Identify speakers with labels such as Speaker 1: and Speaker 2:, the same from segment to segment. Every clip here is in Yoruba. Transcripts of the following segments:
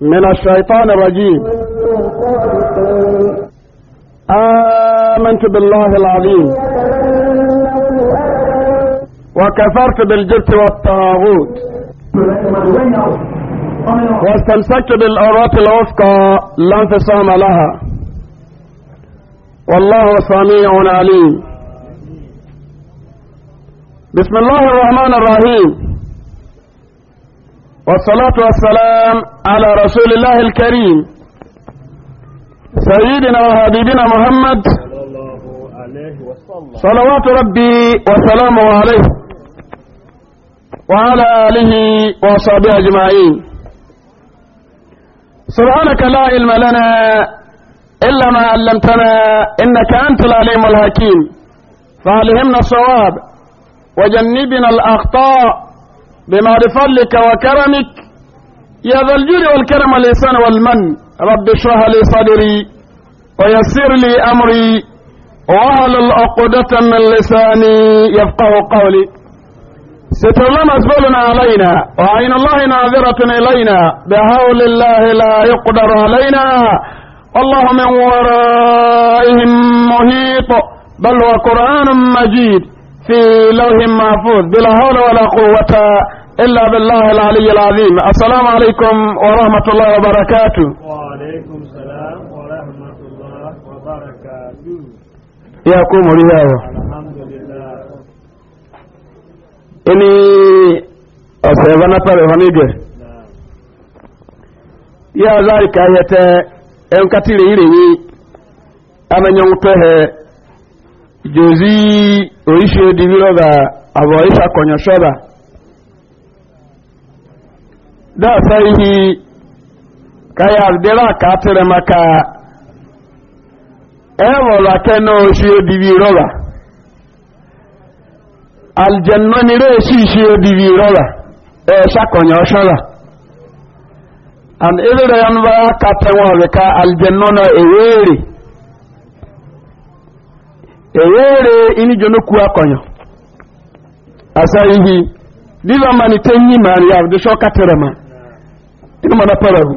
Speaker 1: من الشيطان الرجيم آمنت بالله العظيم وكفرت بالجبت والطاغوت واستمسكت بالأوراق الوثقى لا انفصام لها والله سميع عليم بسم الله الرحمن الرحيم والصلاة والسلام على رسول الله الكريم سيدنا وحبيبنا محمد صلوات ربي وسلامه عليه وعلى آله وصحبه أجمعين سبحانك لا علم لنا إلا ما علمتنا إنك أنت العليم الحكيم فعلهمنا الصواب وجنبنا الأخطاء بما بفضلك وكرمك يا ذا الجود والكرم والإحسان والمن رب اشرح لي صدري ويسر لي أمري واهلل عقدة من لساني يفقه قولي ستر الله مسؤول علينا وعين الله ناظرة إلينا بحول الله لا يقدر علينا والله من ورائهم محيط بل هو قرآن مجيد في لوح محفوظ بلا حول ولا قوة إلا بالله العلي العظيم السلام عليكم ورحمة الله وبركاته
Speaker 2: وعليكم السلام ورحمة الله وبركاته يا قوم رياوة الحمد لله
Speaker 1: إني أصيبنا فرهنيجة يا ذلك آية إن كتير إلي أنا نيوته جوزي ويشي ديبيرو أبو إيشا كونيشورا da saihi kai abdira ka tire maka ewola keno shi odibi e roba aljanna ni re shi shi odibi roba e, e shakonya oshala an ibira yan ba ka tewa ka aljanna na ewere ewere ini jonoku akonyo asaihi dila mani tenyi mari abdisho katerema inú mọ̀nà pẹ̀rẹ̀ hù.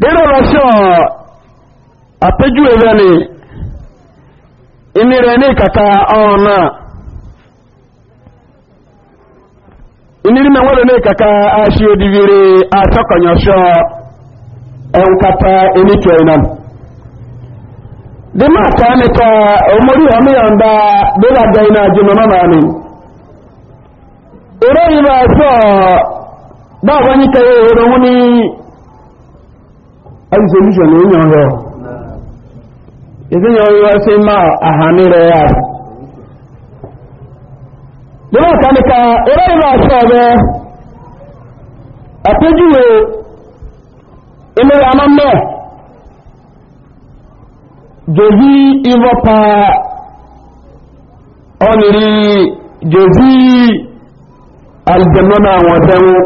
Speaker 1: dèrò rọ̀ṣọ́ àpéjú ẹ̀rẹ́ ni ìní rẹ̀ ní kàkà ọ̀hún náà ìní rí mẹ́wọ́n ní kàkà aṣọ òdìbìrì àtọkọ̀nyọ̀ṣọ́ ẹ̀ǹkàtà ẹ̀nìkẹ́ iná. dèmọ́ àtàwọn ya òmórí ọ̀míyàn bá dèrò àgbà iná jùmọ̀ náà nìyí. ìròyìn bá sọ báwọn ní kẹrẹ ìrọ̀ wọn ní ẹgbẹ̀sẹ̀ ìlúṣọ̀ ní ìyàn rọ̀ ìsìnyàn rọ̀ sí máa àhàmì rẹ̀ aljanna na àwọn dẹ́wọ́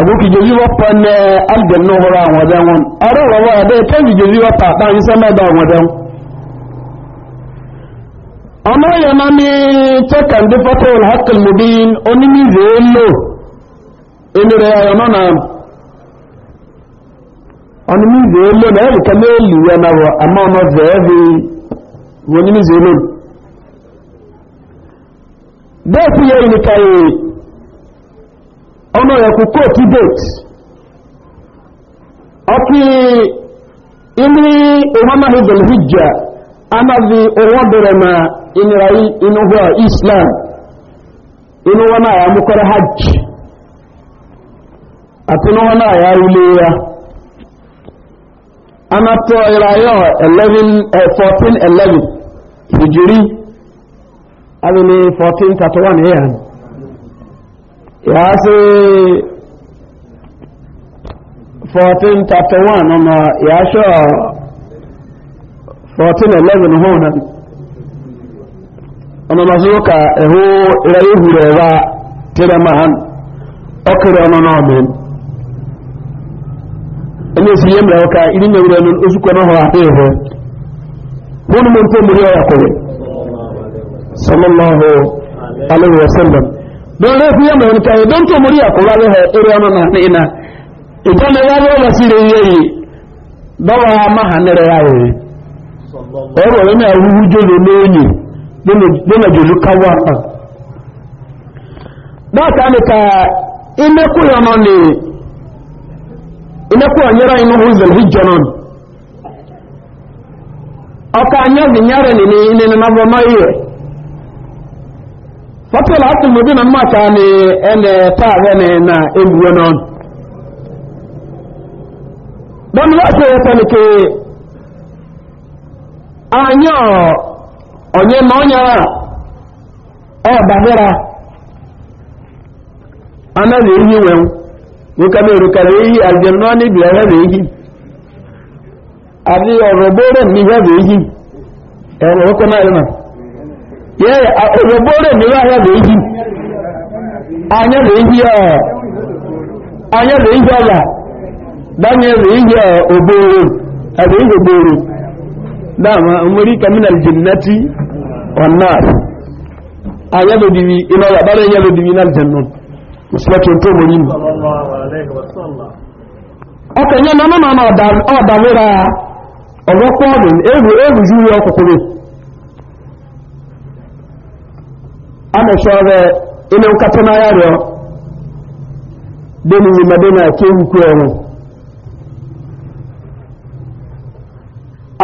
Speaker 1: agogo jòlí wa pa ní aljanna awon àwọn dẹ́wọ́ ọ̀rọ̀ wọ́n wọ́n adé tẹ́lì jòlí wọ́n pa àpá ìṣẹ́ mẹ́bà àwọn dẹ́wọ́ ọmọ yẹn ní tẹ́kàn dé fọ́tò alhakal mubin ya lò na rẹ̀ ayọ̀ náà lo na lò náà ẹ̀rì ya na lù lo. bẹ́ẹ̀sì yẹ ìnìkà èrè ọmọ ẹ̀kù kóòtù date ọkí ilé ìwọ́nmáhì belhijja anábi owó bẹ̀rẹ̀ ma ìnira inúhu islam inú wọn náà amúkọrẹ hajj àti inú wọn náà yà ya anatọ ìrayọ 11 14 11 hijiri abini 1431 fourteen ya one 1431 ọmọ ya ṣọ 1411 hona ọmọ masu yọka ẹ̀hú irayi hùrẹ̀ wa tẹ́rẹ máa ọkẹrẹ ọmọ náà mẹ́rin ẹni èsì yẹ́ mẹ́rin ọka ìdínyẹ̀wẹ̀rẹ̀ oṣù kọ́nà hàn àti ẹ̀họ́ hún mú tó mú rí ọ̀yà sallallahu alaihi wasallam don rafi ya mahimta ya don tomori a kura zai haɗe wani na ina idan ya zo masu da yayi dawa mahanar yayi ọrọ̀ rẹ̀ ní àwọn jòrò lóòyìn lónà jòlú káwà pa dáta ní ka ilékùnrin ọ̀nà ni ilékùnrin yẹ́ra inú húzẹ̀lú jọna ọka anyẹ́ wapịala asị m obi na mma ka na ene taa ene na eluwe n'ọnụ dọnụ wapị ya tọrọ ke anyị onye ma onye ara ọ bahịra anaghị ehi nwe nwoke na erukarị ehi ajem n'ọnụ ibi ọhịa na ehi adịghị ọrụ gboro n'ihe bụ ehi enwe nwoke na-arịna yẹ́yẹ́ ọ̀gbọ̀gbọ́rẹ̀ mìíràn ayẹ́ lè yí ayẹ́ lè yí ehi ayẹ́ lè yí ọ̀là dáníẹ̀ lè yí ọ̀gbọ̀rẹ̀ ẹ̀lẹ́ yí ọ̀gbọ̀rẹ̀ dáàmà ọmọrí kẹmínàl jìnnẹ́tì bụ ayẹ́ lè dìbí iná ọ̀là bá lẹ́yẹ́ lè dìbí iná jẹ̀nù mùsùlùmí tó mọ̀ nínú. ọkọ̀ yẹn náà ọ̀dà mìíràn ọ̀gbọ̀kọ̀ ameshobe ine ukatema yaryo deni nyimadena akewukwenu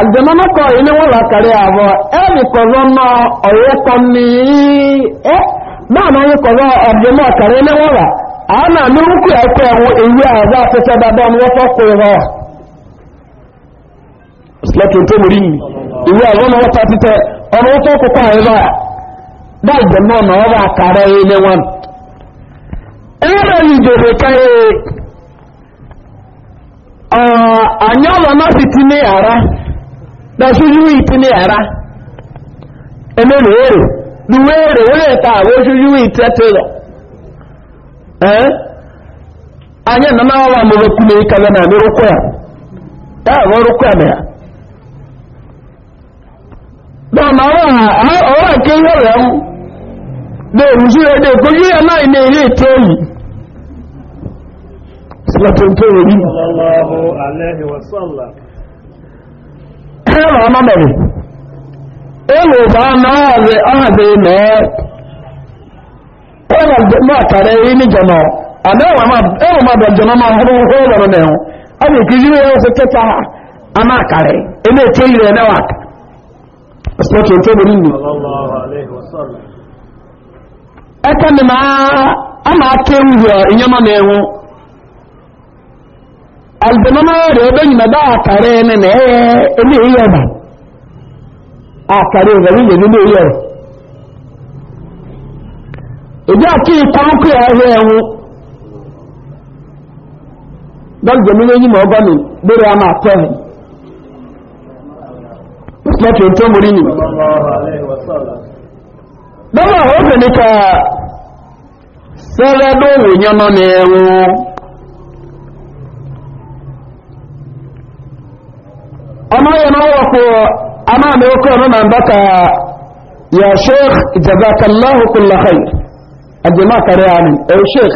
Speaker 1: aljamana kɔ ine wala kare abɔ ɛni kɔzɔ nɔ ɔyɛ kɔni na maa n'anyi kɔzɔ ɔdjɛmɔ kare ine wala ana nuruku ɛkɔ ɛwɔ ewi aza afɛsɛ dada ɔmu wɔtɔ koe ayi báyìí náà náà wà kàrà ilé wọn ẹ̀rọ ìjòrè káyé ànyọ́lọ̀ náà sì ti ní ara na yìí ti ara àrá ere èrò lúwẹ́ were taa wee ta àwọn oṣooṣù yìí anya nana awa mọ̀rọ̀ kú lè ya ya lórúkọ yà táà wọ́n rúkọ na mẹ́ra nke bẹ́ẹ̀ rùsù rẹ̀ dẹ̀ kò yíyà náà ilé ilé tó yìí
Speaker 2: sílọ́tún tó rí ẹ̀rọ ọmọ ẹ̀rọ bá
Speaker 3: náà
Speaker 1: rẹ̀ ọ̀hàbẹ̀ mẹ́ ẹ̀rọ máa rí ní jọ̀nà ẹ̀rọ máa bẹ̀ máa hóró hóró nẹ̀hún a bẹ̀ kí yíyà aka na a na-aka ewuwe inyama na-enwu albanamara ebe nyina da akara ene na ee ele e ba akara ebe nyina ele ihe ba ebi aka nkụ ya ahụ enwu dọl jemile enyi ma bere ama atọ bọ́lá ọ̀hún ní ká sẹ́rẹ́ lóòwò yánná ní ẹ̀rù ọmọ yẹn náà wọ̀ kó ọ̀nà náà bá ka yà sheikh jazakallahu kulla khair àjẹmá kàrẹ ẹ̀ sheikh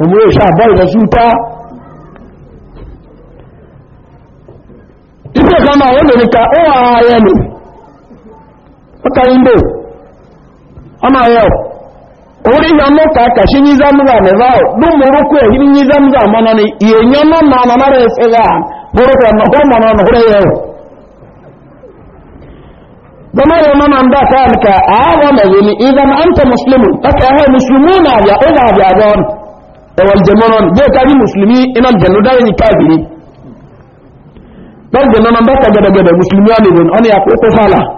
Speaker 1: òmù yóò ṣe àbọ̀ ìrẹsù ta ìṣèkà náà wọ́n lè ní ká ó wà ka yín ama yau ori ya no ka ka shi mu za ne ba du muru ko hi za ye na na re se na horo na ya mana ka ka a wa ma yini idan anta muslimun ka ha muslimuna ya ila ya don wal jamanon je ka ni muslimi ina jannu da ni kafiri dan jannu na ba ka ga muslimi don ya ko ko fala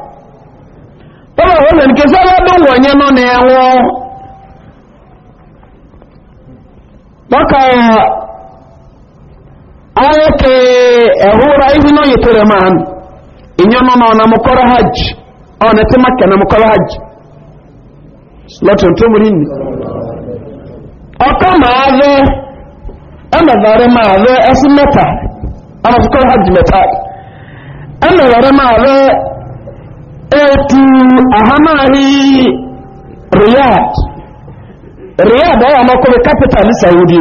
Speaker 1: ọba ọ̀rọ̀ nke sọ ọlọ́dún wọ̀nyẹ nọ n'ẹ̀wọ̀ lọ́kàá ayẹ́kẹ́ ẹ̀húra ihu náà yẹtẹ̀rẹ̀ máa nọ náà namukọ́rọ̀ hajj ọ̀nà tí mákẹ́ namukọ́rọ̀ hajj lọ́tún tó múrí nì ọkọ̀ na rẹ ẹnà lọ́rẹ́ máa rẹ ẹsìn mẹ́ta ọmọ hajj mẹ́ta ẹnà lọ́rẹ́ otu ahamaghị riyad riyad ọya makọrọ capital saudi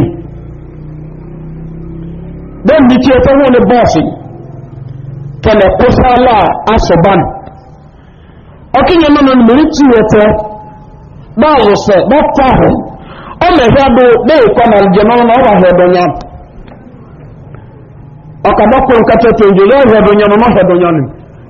Speaker 1: don ni ce ta wani bọ́ọ̀sì tọ̀lẹ̀ kó sálà asọ̀bán ọkìnyẹ mọ́nà mìírí tí wẹ́tẹ́ báwo sẹ̀ dọ́kítà ahù ọ mẹ̀hẹ́ bó bẹ́ẹ̀ kọ́ na jẹmọ́ na ọwà hẹ̀dọ̀nyà ọkàdọ́kùnrin kẹtẹ́tẹ́ ìjọ yọ hẹ̀dọ̀nyà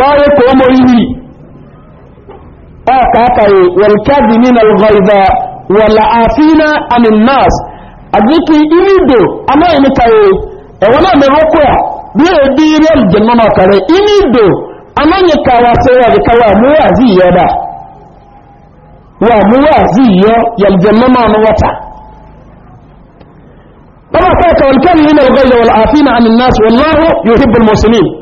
Speaker 1: waye ko moyini o ka kai wal kadhimin al ghaiza wal afina anil nas ajiki imido ama ini kai e wona me rokoya bi e bi rel janna na kare imido ama ni ka wa se wa ka wa mu wa zi yo da wa mu wa zi yo yal janna ma no wata kama ka wal kadhimin al ghaiza wal afina anil nas wallahu yuhibbul muslimin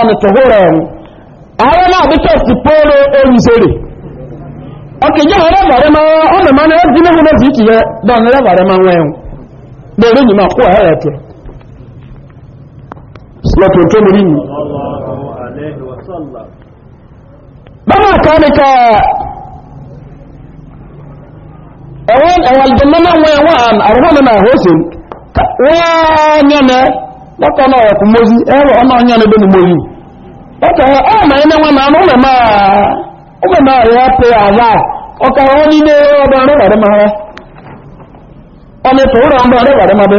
Speaker 1: ọ̀nà tọ̀húrọ̀ ẹ̀rù ààrẹ náà bí tẹ́ẹ̀sì pọ́ọ̀rọ̀ olùsèrè ọkẹ̀jẹ́ ọ̀rẹ́ bàrẹ́ máa ọ̀nà ọrịa ní ẹ̀dínlẹ́ gbogbo sí ti yẹ dọ̀nà ẹ̀rẹ́ bàrẹ́ máa wẹ̀hùn lórí yìí máa kó ẹ̀rẹ́ ẹ̀kẹ́ slọ́tọ̀ wọ́tọ̀ náà ẹ̀kùn mọ́sí ẹ̀rọ ọ̀nà ọ̀nyá ni bẹ́ni ma wọ́tọ̀ ọ ọ̀mà ẹ̀nẹ́ wọn náà ọ̀mà máa ọ̀mà máa yẹ pé àlá ọ̀kà wọn ní ilé
Speaker 2: ọ̀dọ̀ ọ̀rẹ́bàdé máa rẹ
Speaker 3: ọ̀nà ètò ọ ọ̀dọ̀ ọ̀rẹ́bàdé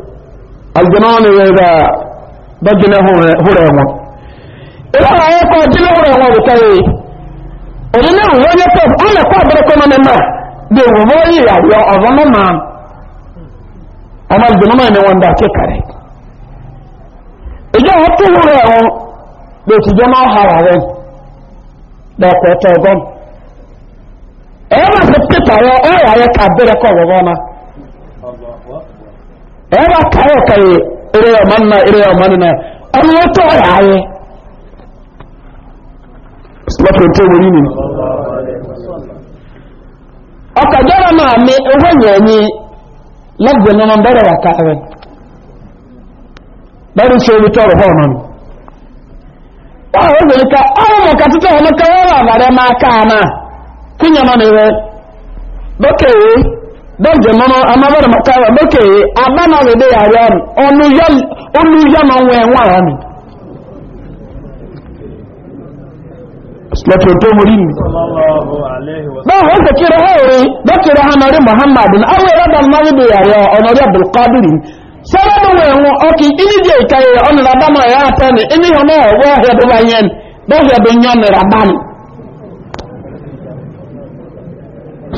Speaker 1: aljanaani weda dajine huremo ilaha eko jine huremo bukai oyine wonye to ole ko abere ko mame ma de wo yi ya yo ozono ma ama aljanaani ne wanda ke kare ejo hoto huremo de ti jona harawe gon e ma se pitaro o ka abere na e kàyẹ̀ kàyẹ̀ eré ọmọ nínú eré ọmọ nínú ọmọ wọn tó ọ̀rẹ́ ayé
Speaker 2: lọ́pọ̀ tó wọ́n yìí nìyí
Speaker 1: ọkọ̀ jọ́rọ máa mi owó yẹ̀ẹ́ni lọ́gbẹ̀ẹ́ nínú bẹ́rẹ̀ wà káàrẹ̀ bẹ́rẹ̀ ṣe orí ka hàn náà dọ́jẹ̀ na amábẹ́rẹ̀ mọ̀kára lókè abánàlódé yàrí ọmọ olúyọ́mọ̀ wọn ẹ̀wọ̀n àwọn
Speaker 2: mi lọ́tọ̀ tó múrí mi báwọn wọ́n sì kéré hóòrí lọ́kẹ̀rẹ̀ hanari muhammadu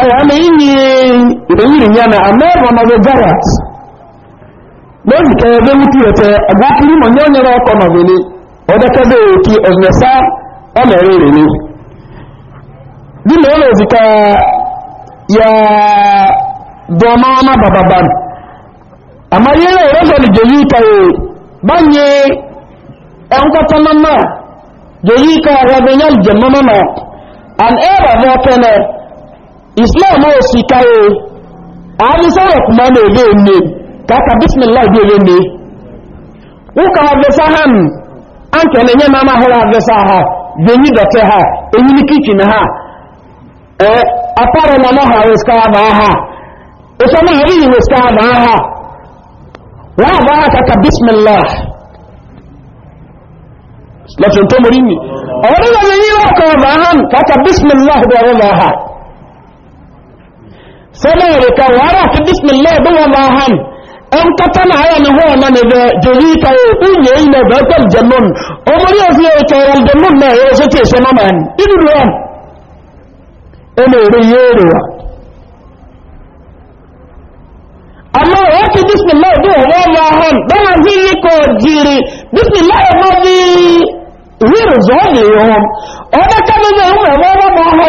Speaker 1: ayà ní yí ìròyìn ìyànà àmẹ́rọ̀ nọ̀dọ̀ garrett lórí kẹrẹ̀dẹ́ wútí ẹ̀tẹ́ agbókùnrin mọ̀ ní ọ̀nyẹ́rọ ọkọ̀ nọ̀dọ̀lẹ́ ọdẹ́kẹ́dẹ́ òkè ọ̀nẹ́sá ọmọ̀rẹ́ rẹ̀ ní bí lè lè zika ya dọ̀nà ọmọ bàbàbà àmà yẹ́ rẹ̀ rọ́sọ̀ ní jẹ̀yí kàwé báyé ẹnkọ́tọ́ náà jẹ̀yí kàwé rẹ̀ ní mọ́mọ́ náà an ẹ̀rọ islam ó sì káyé àárín na kùmọ́ ní ka ní bismillah bísmìlá ìdí èlé ní wúkà ha nù ánkẹ̀ ní ẹ̀yẹ́ máa hẹ́rẹ́ ha gbẹ̀yìn ha èyí ní ha ẹ̀ apárọ̀ ha rẹ̀ skáàbà ha ìfọ́mọ́ àrí ìwé skáàbà ha wọ́n ha kàkà bísmìlá lọ́tún tó ọ bụrụ na yẹn yí wọ́n ha ha sẹ́lẹ̀rẹ̀ ka wàárà fi bismillah bí wọn máa hàn ẹn kata na ayà ni wọn na nìbẹ jòrí ka ìyẹ ilẹ̀ bẹ́ẹ̀kọ́ jẹmọ́n ọmọdé ọ̀fẹ́ ìkẹrẹ jẹmọ́n náà yóò sọ tí èso náà máa ní inú rẹ̀ ẹnà èrè yóò rẹ̀ wá àmọ́ wọ́n fi bismillah bí wọn máa hàn bẹ́ẹ̀ fi ní kò jìrì bismillah ọmọ bí wíìrì zọ́ọ̀lì wọn ọdẹ kábíyẹ̀ ọmọ ẹ̀mọ́ ọmọ ọmọ ọmọ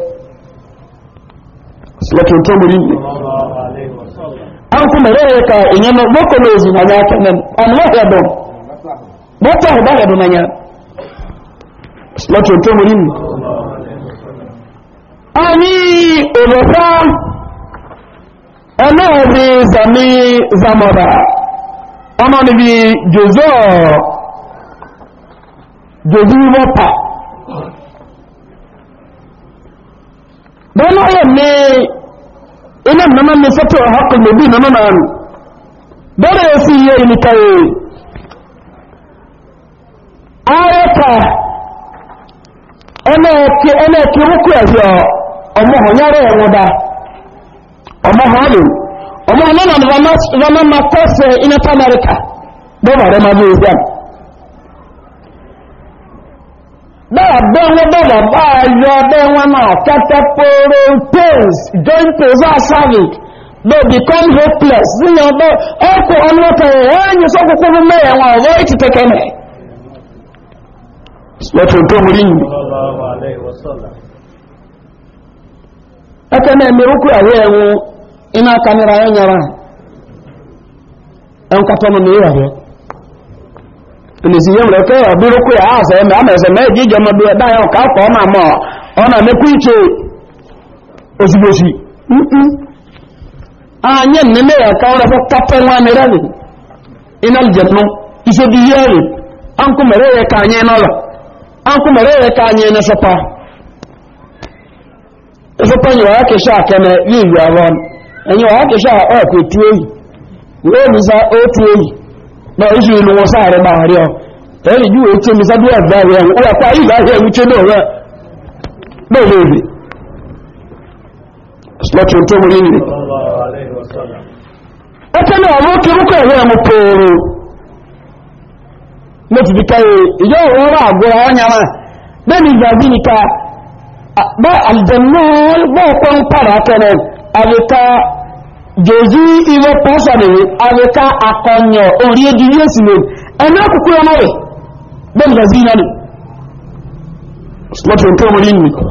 Speaker 1: silatonto muri ne an kuma rere ka inye no boko no zi na nyaka nan an wa ya don bota ho ba ya don nya silatonto muri ne ani olofa ana bi zami zamara ana ni bi jozo jozi wapa bẹ́ẹ̀ náà yẹ ní iná nàmá ní sọ́tọ̀ ọ̀họ́kọ̀ lòdì nàmá náà nù bẹ́ẹ̀ sí iye ìnìkàyè ayẹ́kà ẹlẹ́ẹ̀kì rúkú ẹ̀sẹ̀ ọmọhàn yára ẹ̀wọ̀n dá ọmọhàn lò ọmọhàn náà nà bẹ́ẹ̀ bẹ́wọ́n bẹ́wọ́ bá yọ bẹ́wọ́n náà kẹ́tẹ́ pọ́ọ́rọ́ pains joint pains are serving become hopeless níyàn bẹ́ ọkọ̀ ọlọ́tọ̀ ẹ̀yìn sọ́kùnkú fún mẹ́rin wọn ọ̀rọ̀ ètì tẹ́kẹ́mẹ̀
Speaker 2: lọ́tún tó múrí yìí
Speaker 1: ẹkẹ́ náà polisi ya nwere kọrọ bụrụkwa ya ahụ a ama sọ mee ji ijọma bụ ebe ahụ ka afọ ọma ama ọ na iche ozugbo ozugbo anyị ya ka ọrụ pọpọ nwa mere ka anyị n'ụlọ ka anyị otu ba oṣù ìlú wọn sáà rẹ bá wọn rí ọ ẹ̀rì ju èyí tí mi sábẹ́ ọ̀dá rẹ ẹ̀wọ̀n ó wà pa ayé ìlàrí ẹ̀wọ̀n tí ó lọ́ọ̀rẹ́ bẹ́ẹ̀ lè rí slọ́tì tó mú nínú ó tẹ́lẹ̀ ọ̀rọ̀ kírúkọ̀ ẹ̀rọ ẹ̀mú pòòrò jòzí ilé pọ́sọ̀lẹ̀ ọ̀rẹ́ká akọ̀nyọ̀ orí egi ní èsì lòrì ẹni ọkùnkú ọmọ rẹ̀ bẹ́ẹ̀ lọ sí iná lò lọ́tún tó wọlé nì ọkọ̀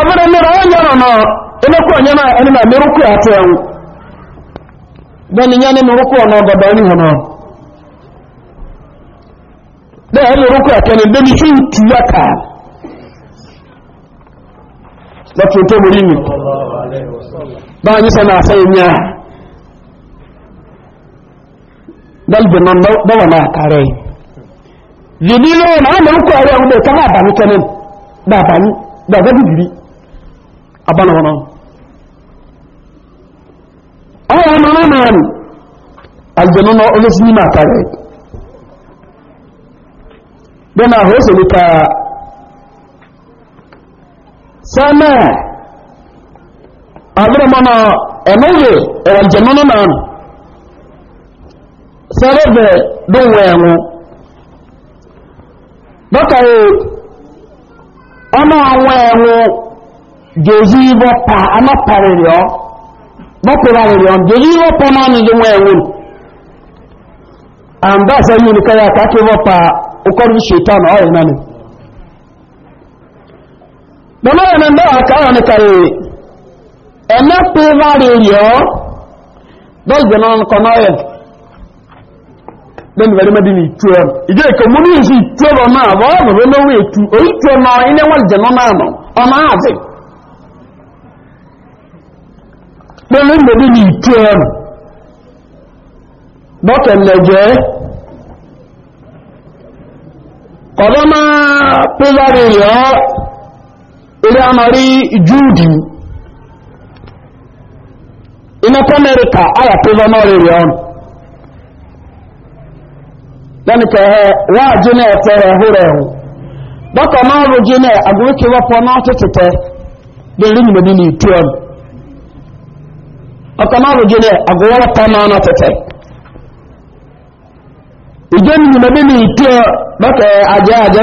Speaker 1: ọ̀bẹ̀rẹ̀ mẹ́rọ ọ̀nyẹ ọ̀nà ẹlẹ́kọ̀ ọ̀nyẹ náà ẹni náà mẹ́rùkù àti bẹ́ẹ̀ ba ni sana sai nya dal bi man ba wa na kare vinilo na na ko are abu ka ba ba ni kenan ba ba ni ba ga bibiri abana wana ayo na na na ni aljanu na olo sini ma kare dana ho se ka sama abin mana emeghe ewa njem nọ na serebe dị nwe enwu dọka ọnụ anwụ enwu ga-ezu ibe pa anọ parịrị ọ nọpụrarịrị ọ ga-ezu ibe pa na anyị dị nwe enwu and that's how you look at ka aka ibe pa ụkọrọ shaitan ọ rị nanị dọmọrọ na ndị ọha ọ nịkarịrị ẹ̀mẹ́ pé láre yọ bọ́ọ̀gbẹ̀ náà ń kọ́nà ẹ̀ lẹ́nu ẹ̀rẹ́ mẹ́bí ní ìtú ẹ̀ ìjọ ìkọ̀ mú ní ìsì ìtú ẹ̀rọ náà wọ́n rẹ̀ lọ́wọ́ ètú orí tú ọmọ ilé wọ́n jẹ̀ náà nọ ọmọ àti pẹ̀lú mẹ́bí ní ìtú ẹ̀rọ bọ́ọ̀kẹ̀ lẹ́jẹ́ ọ̀dọ́ máa pé láre yọ ilé amarí júùdì inata amerika aya peza n'ọrịrị ọnụ lẹ́nu kẹhẹ́ wá jìnnà ẹ̀tẹ́ rẹ̀ húrẹ̀ ẹ̀hún dọ́kọ̀ náà rò jìnnà àgbóríkì wọ́pọ̀ náà tètè lórí nìmọ̀ nínú ìtú ọ̀nù ọkọ̀ dọka aja aja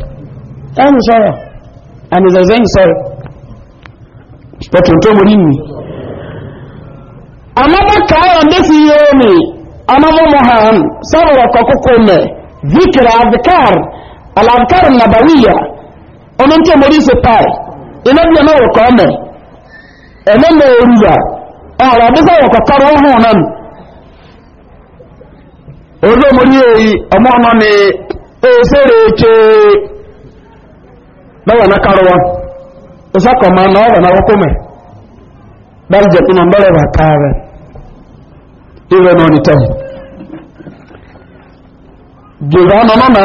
Speaker 1: ẹni sọ́rọ̀ àmì zẹ̀zẹ̀yìn sọ́rọ̀ pẹ̀tùn tó mú nínú ọmọdé káyọ̀ ndé fi yé omi ọmọdé mohan sọ́rọ̀ kọkọkọ nabawiya ọmọ tí pai iná bí ọmọ wọkọ mẹ́ ẹ̀mẹ́ mẹ́ orúwa ọ̀rọ̀ àdúgbò wọkọ kọrọ ọhún èyí ọmọ ọmọ lọ́wọ́ na karọwa ìsákọ̀ ma na ọ̀rọ̀ na wọ́kọ́mẹ̀ dájẹ̀ tó na mbẹ̀rẹ̀ bà káàrẹ̀ ìrẹ̀ na ọ̀nìtẹ̀ jùlọ ọmọ na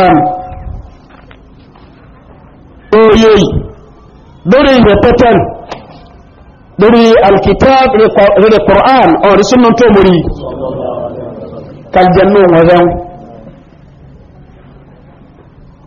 Speaker 1: oye lórí ilẹ̀ pẹ́tẹ́n lórí alkitab rẹ̀ kọ̀rán ọ̀rẹ́sùn náà tó mọ̀rí kàjẹ̀ náà wọ́n rẹ̀wọ̀n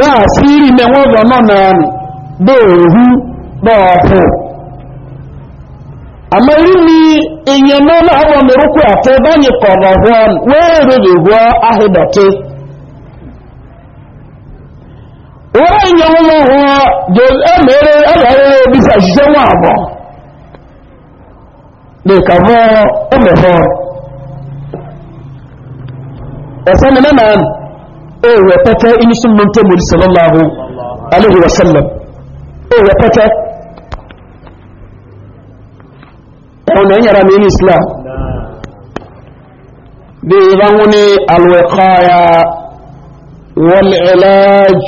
Speaker 1: daa siiri na nwọdọ nọ na daa daa ọhụ amari ni enyema na awọ merukwu atọ banye kọrọ hụọ wee rere hụọ ahịdọte wọ́n ẹ̀yẹ wọn lọ hùwọ́ ẹ̀mẹ́rẹ́ obi sá wọn àbọ̀ lè kà ẹ̀mẹ́fọ́ mi او وقتا اني من تمر صلى الله عليه وسلم او وقتا انا نعم يا رامي الاسلام دي الوقاية والعلاج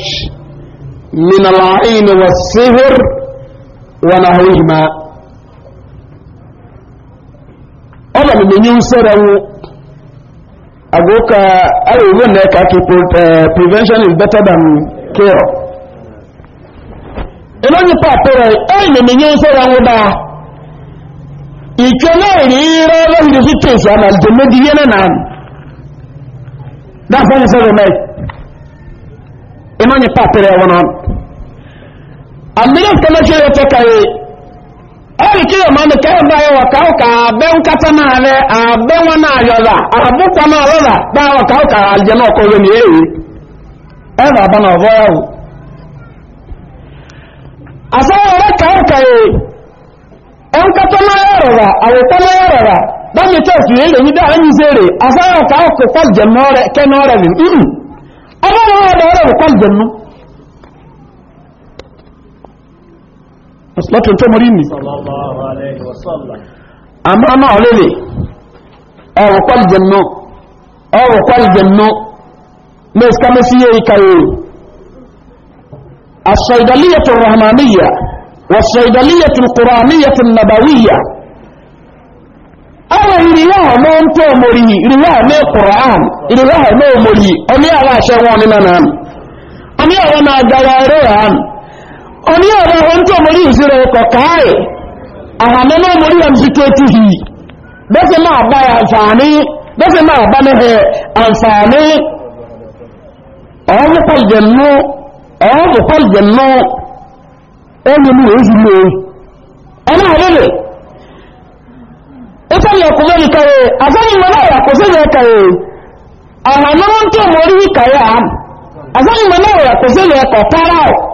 Speaker 1: من العين والسهر ونهيهما أولا من ينسره agoka ara iwe na ka to prevention is better than cure ino ni pa pere e ni mi yin so ran da ike na ri ro lo ni fi te so na de me di yena na da fa ni so me ino ni pa pere wono amira kala je te kai ọlùkí yọ̀ máa nìkẹ́ ọ̀dọ́ ayọ̀ ka ọ̀kà abẹ́ nkátá náà rẹ̀ abẹ́ wọn náà yọ̀dà àbúkọ náà rọ̀dà bá ọ̀kà ọ̀kà àlìjẹ náà kọ́ lónìí èyí ẹ̀rọ àbọ̀nà ọ̀bọ̀ ẹ̀wò. àsọ̀rọ̀ rẹ̀ kà ọ̀kà yìí ẹnkátá náà yọ̀rọ̀dà àwòkọ́ ọ̀sọ̀lọ́tò tó mọ̀rí mi àmọ́ ọmọ ọ̀lẹ́lẹ̀ ọ̀rọ̀ kwalìjẹ̀ náà ọ̀rọ̀ kwalìjẹ̀ náà lè skámẹ́ sí yẹ́ ìkàrẹ̀ الصيدلية الرحمانية والصيدلية القرآنية النبوية أنا إله ما أنت أمري إله ما القرآن إله ما مري أمي على شيء وأنا نعم أمي على ما جرى oní ọ̀rọ̀ ohun tí omori ìṣirò kọ̀kàáì àhàmẹ́ náà omori yẹn sí tó tú hì bẹ́sẹ̀ máa bá àǹfààní bẹ́sẹ̀ máa bá mẹ́hẹ̀ àǹfààní ọ̀rọ̀pọ̀ ìjẹ̀nú ọ̀rọ̀pọ̀ ìjẹ̀nú ẹ̀yẹmú èyí lè ọmọ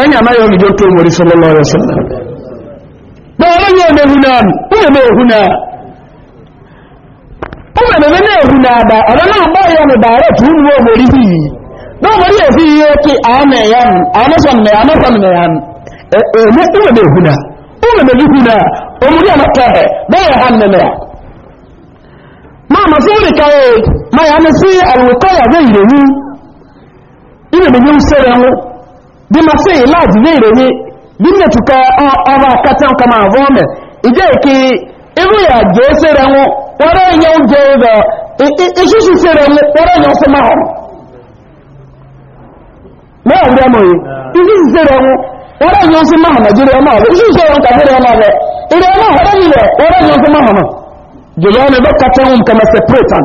Speaker 1: ẹ̀yìn àmáyọ̀ ìjọ tó mọ̀rí sallallahu alaihi wasallam bọ̀ọ̀rọ̀ yóò mẹ́hu náà ọmọ mẹ́hu náà ọmọ mẹ́hu náà hu náà bá ọ̀rọ̀ náà bá yọ mi bàárẹ̀ tí wọ́n wọ́n mọ̀rí sí yìí wọ́n mọ̀rí èsì yìí ó kí àmẹ́yàn àmẹ́sàn-mẹ́yàn àmẹ́sàn-mẹ́yàn ọmọ mẹ́hu náà ọmọ mẹ́hu náà ọmọdé àmọ́tẹ́ bẹ́ẹ̀ hàn mẹ́mẹ́ máa fún ìkàwé máa yà mí sí àwòkọ́ yàgbé ìrèwú ìrèwú sẹ́rẹ̀ wọn bí ma sí ìlàjì ní ìròyìn bí ní ẹ̀tùkọ́ ọba akátán kama àvọ́mẹ̀ ìjẹ́ ìkí irú ìyàjẹ́ ẹsẹ̀ rẹ̀ wọn wọ́n ẹ̀yẹ oúnjẹ rẹ̀ ìṣíṣù sí rẹ̀ wọn wọ́n ẹ̀yẹ ọsẹ máa hàn mẹ́rin rẹ̀ mọ̀ yìí ìṣíṣù sí rẹ̀ wọn wọ́n ẹ̀yẹ ọsẹ máa hàn nàìjíríà máa rẹ̀ ìṣíṣù rẹ̀ wọn tàbí rẹ̀ máa rẹ̀ ìrẹ̀ náà wọ́n ẹ̀yẹ ọsẹ máa hàn jùlọ ní dọ́kàtà wọn kẹmẹsẹ̀ pẹ̀tàn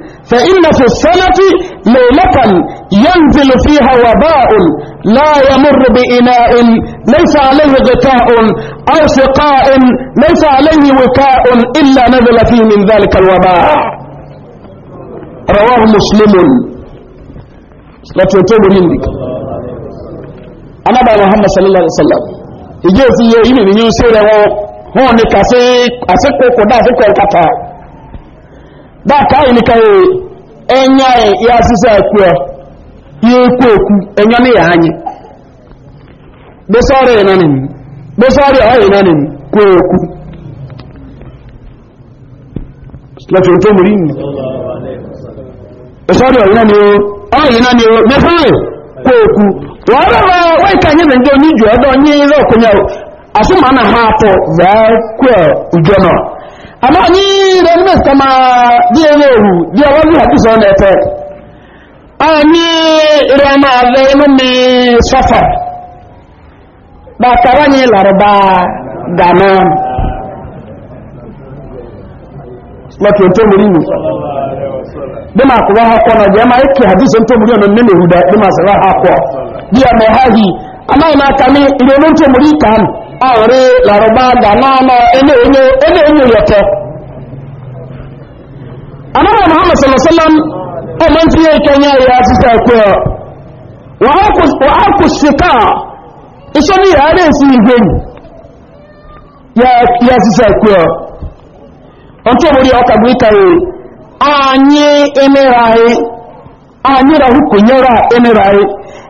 Speaker 1: فإن في السنة ليلة ينزل فيها وباء لا يمر بإناء ليس عليه غطاء أو سقاء ليس عليه وكاء إلا نزل فيه من ذلك الوباء رواه مسلم لا تتوب منك أنا بقى محمد صلى الله عليه وسلم إجازي يوم يوم سيره هو كاسي أسكو كدا أسيكو كتا dáka ìníkà ẹ̀yà ya sísẹ́ ẹ̀kú ọ yí ekú okú ẹ̀yọ́ ní ìyà anyị gbésọ́rọ̀ ìnánin gbésọ́rọ̀ ọ̀rọ̀ ìnánin kú okú lọ́fẹ̀ tó mú rí nì ẹ̀sọ́rọ̀ ọ̀rọ̀ ìnánin kú okú wọ́n rọrọ wọ́n ìkà ha àmọ́ ní rẹ́gbẹ̀ kama bí ẹwẹ́ òhù bí ọwọ́ bí àti sọ́nà ẹ̀tẹ́ àmì ìrọmọ ààrẹ inú mi sọ́fà bàtàrà ní làrùbá gàmà lọ́kì tó mú ríru bí ma kùwá akọ na jẹ́ ma ikẹ̀ àdíṣẹ́ tó mú rí ọ̀nà nínú ìrúdá bí ma sọ̀rọ̀ akọ bí ọmọ ha hì àmọ́ ìmá kàmí ìrọ̀lọ́ tó mú kàánù ahụrụ larụba na n'anọ enyo yọtọ anara muhammad sallallahu ọmọ ntị ya ike nye ya asịsa ekwe wa akwụsịka iṣẹ́ ní ha na sí ìgbé ya asịsa ekwe ya anyị emeraghị anyị rahụ emeraghị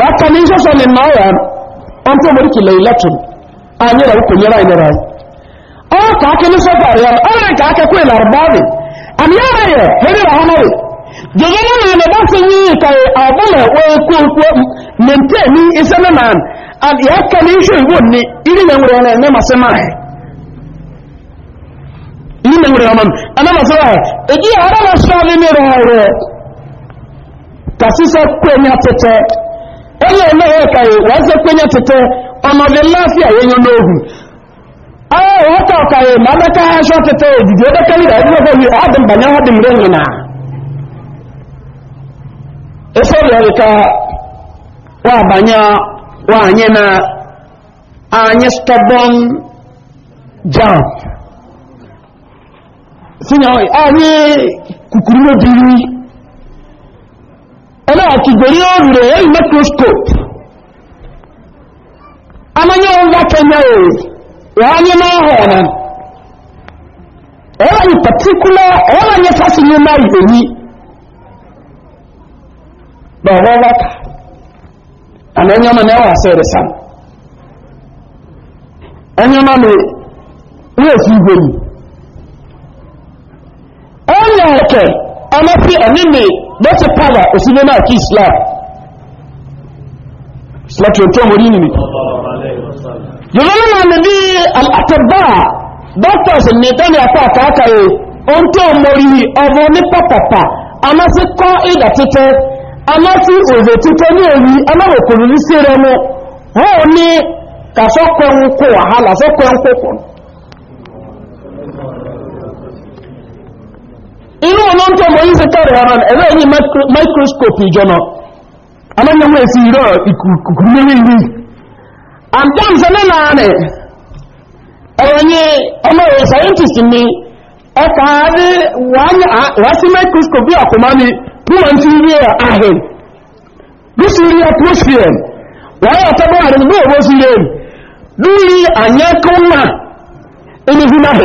Speaker 1: wata ni sasa ni maya on to mori ki ina rai o ka ke ni safar ya o ne ka ke ku larbabe am yara ya hedi ra hono we gege ni na ne ba se yi ka abula o ku ku ne mpe ni isa man an ya ni shi won ni masema iri ne ngure man masema e ji ara na ni ra ro kasisa ku tete onye omeghị ka ya wee sekwenye tete ọnọdụ mmasị a yenye n'ohu agha ịghọta ọka ya ma ha tete gị ọ dị dị na esorịọrị ka waabanye nwaanyị na anyị stọbọn jam anyị ẹ̀nà àtìgbèrí òòrùn rẹ̀ èyí microscope amányẹ́ ọwọ́ kẹnyẹ òòrùn wọ́n yẹ náà hàn ọ̀nà ọ̀rọ̀ ní particular ọ̀rọ̀ ní fásitì ní máa yìí èyí lọ́wọ́ wákà àmì ẹ̀yẹ́ ọmọ náà wà sẹ́ rẹ̀ sàn ẹ̀yẹ́ mi ìgbè lọ́tí pàdà òsìlẹ̀ náà kí islam
Speaker 2: islam tó mórí nìmi
Speaker 1: yóò lọ́nà mi ní àtẹ̀bá doctors ní tẹ́lẹ̀ apá àkàkàrẹ ohun tó mórí ọmọ ní pàpàpà amásí kọ́ ìdà títẹ́ amásí òzò títẹ́ ní èyí aláwòkòrò ní sí rẹ̀ mú wọ́n ní kàfọ́kọ̀ọ́kọ̀ wàhálà fọ́kọ̀ọ́kọ̀ irú wọn lọ́n tó mọ̀ yí se kẹrẹ̀ ẹran ẹ̀rẹ́ yìí microscope ìjọna aláyẹ̀wọ̀ èsì ìrọ̀ ìkùkù mírí ìrí and sẹ́lẹ̀ náà rẹ̀ ẹ̀rọ yí ọmọ ẹ̀rọ scientist ni ẹka rí wá sí microscope ọkùnmá ni púpọ̀ tí rí ẹ̀ ahẹ̀ lúsí rí atmosphere òwò sí lórí àyẹ́kọ́ náà fún náà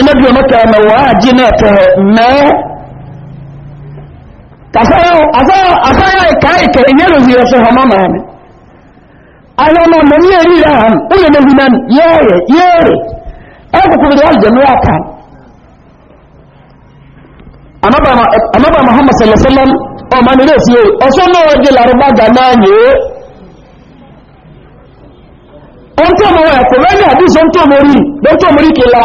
Speaker 1: ina biyo maka na waji na ta me kasaro asaro asaro ya kai ke inye lo zira so hama ma ne ala ma mo ni eri ra han o le mehi nan yere yere e ko ko ya je no ya kan anaba anaba muhammad sallallahu alaihi wasallam o ma ni re si o so no je la roba ga na ni o ntomo wa ko ba ni hadisi ntomo ri ntomo ri ke la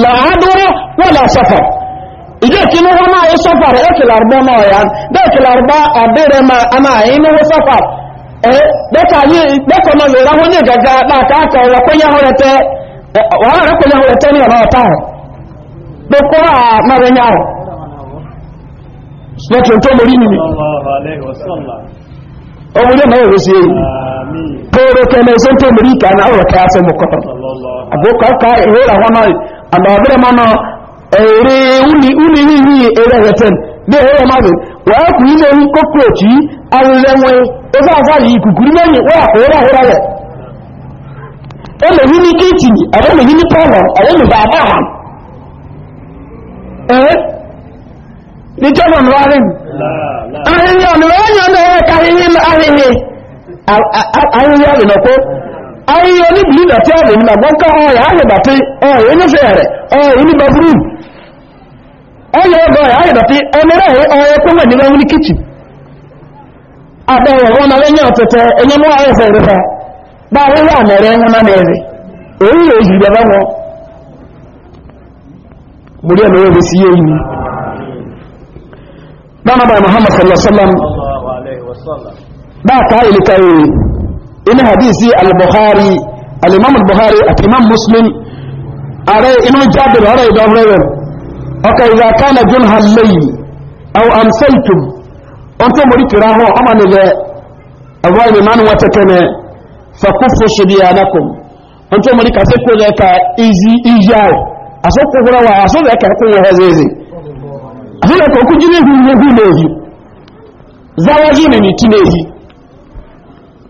Speaker 1: làádúró wọ́lá sọ́fọ̀ ìjọ kí ní wọ́n máa yí sọ́fọ̀ rẹ̀ ẹ́kìlàrbọ́ náà yá bẹ́ẹ̀kìlàrbọ́ àbẹ́rẹ̀ ọmọdé náà rẹ̀ sí èyí pẹ́ẹ̀rẹ̀ kẹ́lẹ̀ tó mìírí ìkà náà rẹ̀ káyásẹ́ ká ìwé ìràwọ́ náà and na m nọ ere uli uli ihe ihe ere ewetem dị ere mmadụ wee kwụ ime ihu kokrochi arịrị nwe eze aza yi wee ụra ụra ya emeghị n'ike itinye emeghị n'ike emeghị ee n'ike ahịhịa ọ ọ na-ewe ka ahịhịa ahịhịa ahịhịa ọ ayi onye bulu da ta da na gonka o ya ha da ti o yoni fere o yoni babru o ya go ya ha da ti o mere he o ya kuma ni wani kici ada wa nya tete onye mo ayi fere fa ba we ya na na eze oyi yi o ji si yi ni bana ba muhammad sallallahu
Speaker 3: alaihi wasallam
Speaker 1: ina hadisi al-bukhari al-imam al-bukhari àti imam muslim ààrẹ inú jábìrì ọ̀rẹ́ ìdọ́rẹ́rẹ́ ọkà ìgbà kánà jùn hàn lẹ́yìn aw amsaytum on tó mori kira hàn ọmọ nílẹ̀ àwọn ìmọ̀ ni wọ́n tẹ́kẹ́ ní fakúfù ṣìdíyànákùn on tó mori kàṣẹ́ kó lẹ́ ka izi iyá o àṣẹ kó wúrọ̀ wa àṣẹ lẹ́ kẹ́kọ́ wọ́n hẹ́zẹ́zẹ́ àṣẹ lẹ́ kọ́ kú jírí hu hu lè hi zawaji ni ni tí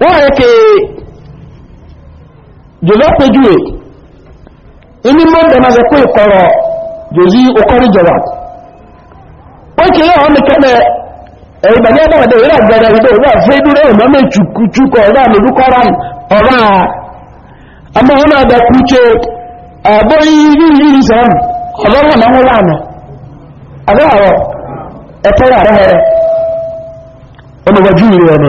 Speaker 1: wọ́n rẹ̀ kè jòzó péjú è inú mọ́ndẹ̀ máa zẹ̀kú ìkọ̀rọ̀ jòzí okọ́rí jọba ó kì í ọ̀hún nìkẹ́lẹ̀ ẹ̀yìn bẹ̀rẹ̀ ẹ̀dọ́gbẹ̀dẹ̀ ìrẹ́ àgbẹ̀rẹ̀ ìdó ìrẹ́ àfẹ́ dúró ìmọ̀ mẹ́ chukukọ ọmọ ìrẹ́ ọ̀nà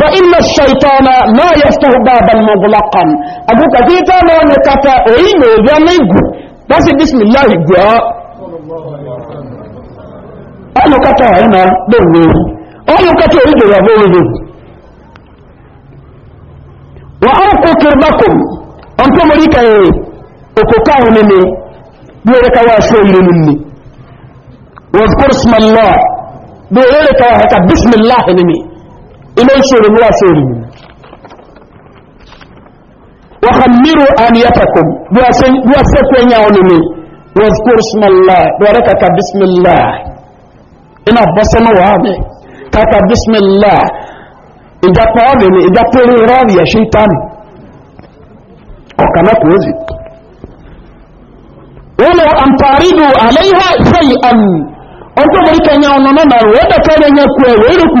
Speaker 1: فإن الشيطان لا يفتح بابا مغلقا أبو كثيرا ما نكتا أين يمينه بس بسم الله جاء أنا كتا هنا بني أنا كتا هنا بني وأوقوا كربكم أنتم ريكا أكوكاو مني بيركا واشوي مني واذكر اسم الله بيركا بسم الله مني ilé ìṣòro ló wà sí wọ́n kàn mírò àníyàtàkùn bí wọ́n sẹ́kù ẹ̀yà olùmí wọ́n sẹ́kù bísmìlá wọ́n lọ àǹtàrídù àlẹ́yà ìfẹ́ yìí ọjọ́ mọ̀ríkà ẹ̀yà ọ̀nà náà rẹ̀ ẹ̀yà kú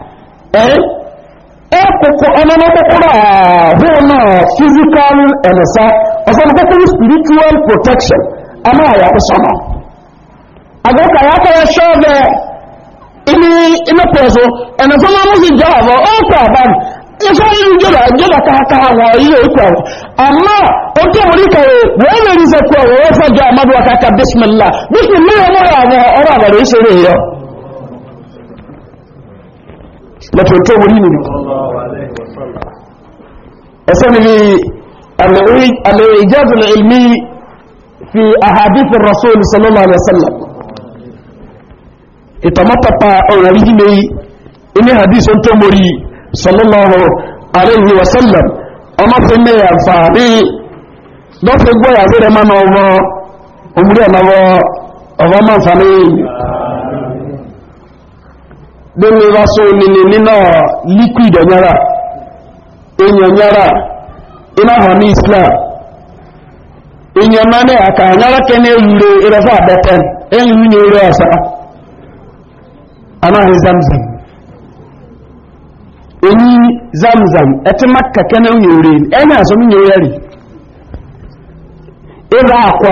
Speaker 1: ọkụkụ ọnụnụ kụkụrụ ahụ na fizikal ẹnisa ọsọdụ kụkụrụ spiritual protection ama ya kwụsọnọ agụka ya kọrọ shọve ili imepụzụ ẹnisa na mụzi jọbọ ọkụ aban ife yi njọba njọba ka aka ha wọ ihe ikwa ama otu omori ka yi wee mere izekwa wee fọjọ amadu aka ka bismillah bismillah ya mụrụ abụọ ọrụ abalị isere ya lọ́tọ̀ọ̀tọ̀ wọ́n nínú ẹ̀sẹ́ ni bí àmì ìjẹ́sùn ilmi fi àhàdìfin rasul sallallahu alaihi wasallam ìtàmátàpá ọ̀rọ̀ yìí ni inú hadisun tó mori sallallahu alaihi wasallam ọmọ fi mẹ́yà fàárí lọ́fẹ́ gbọ́yà fẹ́rẹ̀ mọ́ ọmọ ọmọ ọmọ ọmọ ọmọ lórí rọ́sùn olèlè nínà liquid ọ̀nyára enyonyára iná hàn ní islam enyomá ní àkà ọ̀nyára kẹ́ni erure irẹ́fà àbẹ́tẹ́ enyomí ní eré ọ̀sá anáhìn zamzam enyi zamzam ẹtí maka kẹ́ni erure ẹni akwa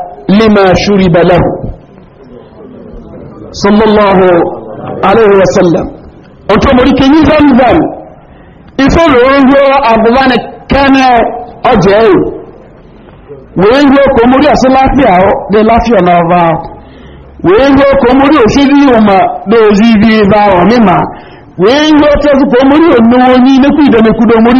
Speaker 1: لما شرب له صلى الله عليه وسلم otomori kenyi zamzam ifo lóòrò àbúwánà kánà ọjọ́ ẹ̀rù wèé yóò kò mórí àṣí láfíà dé láfíà náà bá wèé yóò kò mórí òṣèlú ọmọ lóòrí ibi bá ọ̀ mímá wèé yóò tẹ́sù kò mórí ònúwò ní ilékù ìdẹ̀nekù dò mórí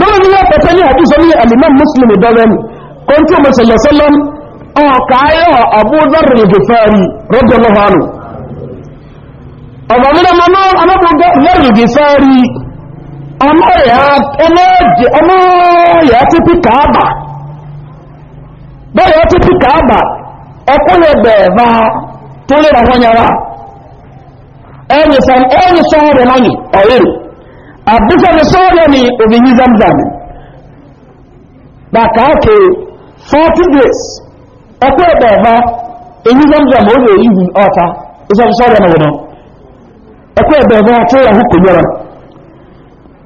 Speaker 1: bọ́lá ní wọ́n pẹ̀tẹ́ ní àdúsọ ní alimam muslim dọ́rẹ́ni kọ́ntí ọmọ sọ̀lọ̀sọ́lọ́m ọ̀ka ayọ́ abúdọ́rẹ̀ gifari rọ́gbọ̀lọ́hánu ọ̀bọ̀nlẹ́ mọ́nà ọmọbọ̀dọ́rẹ̀ gifari ọmọ yà típí kàábà bọ́yà típí kàábà ọkùnrin bẹ̀ẹ̀bá tó lè rà wọ́nyára ẹni sọ ọ̀rẹ̀ náà ọ̀rẹ̀ abisa ne sɔɔlɔ ni o bi yi zamzam ba kaa ke forty days ɔkɔ ɛbɛɛba eyi zamzam o de ihu ɔta isa ne sɔɔlɔ ni wɔn ɔkɔ ɛbɛɛba ɔtɔ yɛ ho konyɔrɔ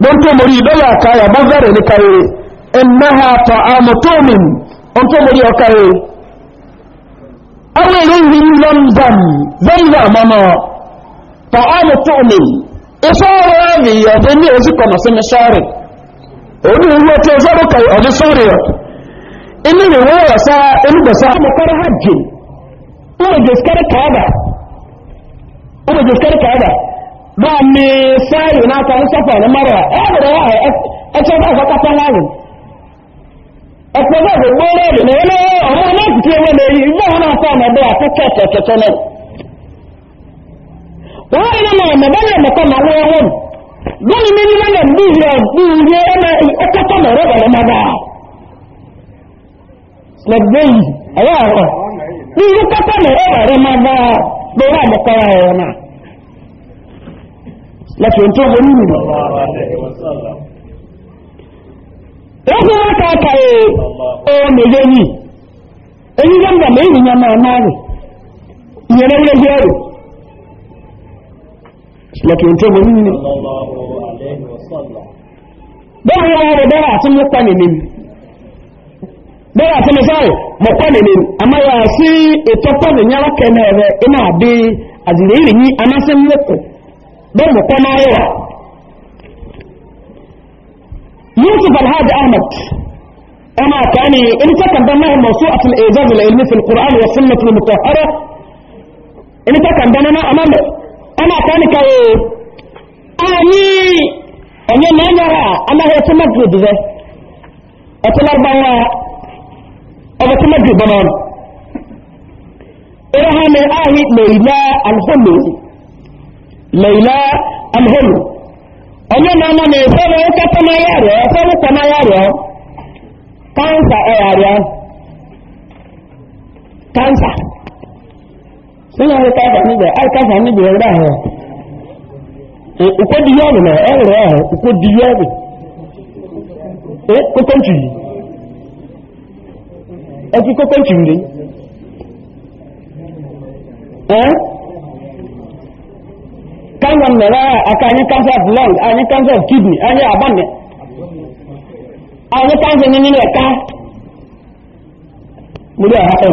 Speaker 1: bɔntɔmori dɔlɔ akaaya bɔvɛrɛ ni kaye ɛnnaha tɔ amɔtɔmin bɔntɔmori ɔkaye awo yɛ yi zamzam zamzam ɔmɔ tɔ amɔtɔmin. ìṣòro ẹ̀mì ọ̀fẹ́ ní oṣù kọ̀nà sí mi ṣọ́ọ̀rì orí ìwú ọtí ọjọ́rù kan ọdí sórí ọ̀ inú ìwé ọ̀sá olùgbọ̀sá ọmọkọrọ hajj ọmọdéskẹ́rẹ́ kàádà ọmọdéskẹ́rẹ́ kàádà náà ní sáàrì náà kan sọ́fà ní mọ́rọ̀ ẹ̀rọ ẹ̀ṣẹ́ bá ọ̀fọ́kápá láàrin ọ̀pọ̀ náà gbogbo rẹ̀ ní ọmọ náà ti ti ẹwẹ́ lẹ́yìn ìgbọ́n náà fọ́ ọ̀nà bẹ́ẹ̀ àti kẹ́ẹ̀kẹ́ wọ́n yẹn náà mẹ̀mẹ́ náà mẹ̀kọ́ náà wọ́n wọ́n lónìí mi lọ́nà ní ìyẹ na ìyẹ ẹ̀mẹ́ ọkọ̀tọ̀ náà rẹ̀ lọ́mọ bá lọ́gbẹ́ yìí ẹ̀yà rọ̀
Speaker 3: ní ìyẹ ọkọ̀tọ̀ náà rẹ̀
Speaker 1: lọ́mọ bá lọ́wọ́ àmọ́kọ́ ẹ̀rọ náà
Speaker 2: lọ́tọ̀ tó wọ́n nínú rẹ̀. wọ́n fi wọ́n ká ká ẹ̀ yìí èyí yẹn lọ́kì ní tẹ́mọ̀ nínú bẹ́ẹ̀
Speaker 1: àti mú pẹ́ mọ̀ pẹ́ nìní àmọ́ yà sí ètò pẹ́ nìyàwó kẹ́nẹ̀ rẹ̀ iná àbí àdìrẹ́ ìrìn yí amásẹ́ mọ́kù bẹ́ẹ̀ mọ̀ pẹ́ náà yusuf alhaji ahmed أما كان إن تكن ana kwanika ye ani onye na anaghị madrid ve larbawa madrid n'ọnụ ha ahụ leila leila onye na anya na efe na na ya kansa ya kansa sun yi ka sami da ai ka sami diya ne ai ra ha uko diya ne eh ko kanci ai ki eh kan nan aka ni cancer of lung ani cancer of kidney cancer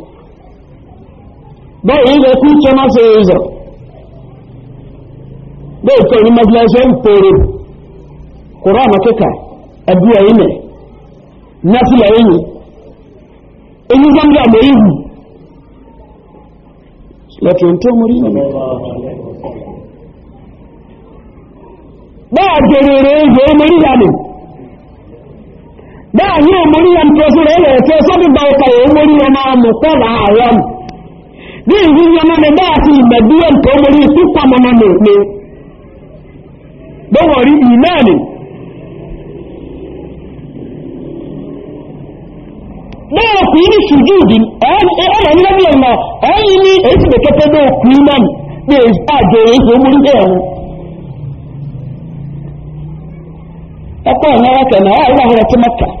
Speaker 1: báyìí ilẹ̀ kú tẹ́ máa ṣe ìzọ̀ báyìí kọ́ ní mọ́sílẹ́ṣẹ́ ń pèrè kùrọ̀ àmọ́kẹ́kà ẹ̀bùwà ilẹ̀ násìlẹ̀ ilẹ̀ inú sọ́mbí àmọ́ ihu lọ́tí ohun tó mórí ilẹ̀ báyà jẹrẹ rẹ̀ ìjọ mórí ìyàlẹ̀ báyà yóò mórí ìyàn tó sí rẹ̀ ilẹ̀ tó sọ́bí bá ọkà yóò mórí ìyàn náà yìí yẹn náà ní báyà sí ìmẹ̀dúró nǹkan omi orí sípò mọ́nà ní òpin bó wọ̀rí ìmẹ́ẹ̀lì báyà kù ní ọ ọ̀rọ̀ ní lẹ́bí ọ̀nà ọ̀yìn ní náà pé àjọ ìnáwó kẹ̀ náà tí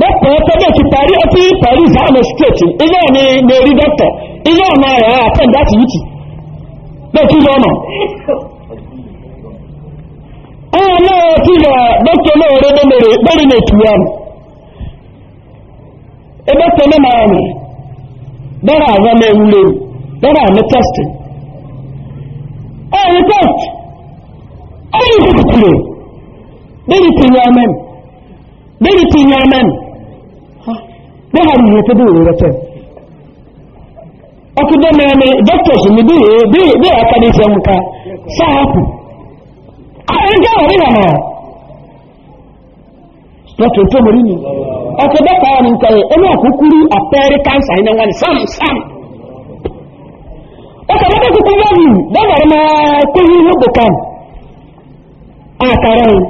Speaker 1: pẹ́pẹ́ tẹ́lẹ̀ ti parí ó ti parí ìzáàmù stéètì ilé ọ̀nà ní orí dọ́tọ̀ ilé ọ̀nà ẹ̀rọ àtẹ̀dáàtì yìí tì pé kí lọ́nà ọ̀nà náà ti lọ dọ́tọ̀ lóore lóore lórí lè tù wọn ebe tẹ́lẹ̀ máa rìn dára àwọn ọmọ ewu lóru dára àmì tẹ́sítì ọ̀rẹ́ tẹ́sítì ọ̀rẹ́ ìfòkùtù lórí tìyàn mẹ́rin lórí tìyàn mẹ́rin bó ha nìyẹn tó dúró rẹ tẹ ọkùnrin dọ́mọ ẹni doctors ni bí bí yẹ ní ìṣẹ́ nǹka sáàpù àwọn ẹgbẹ́ ọ̀rí nà nà lọ́tọ̀ tó mọ̀rí ni ọkùnrin dọ́kọ̀ ọ̀rọ̀ nǹka yẹ ẹni àkókúrú àpẹẹrẹ kánsà iná wọn sam sam kúkú wọ́n yìí kó yín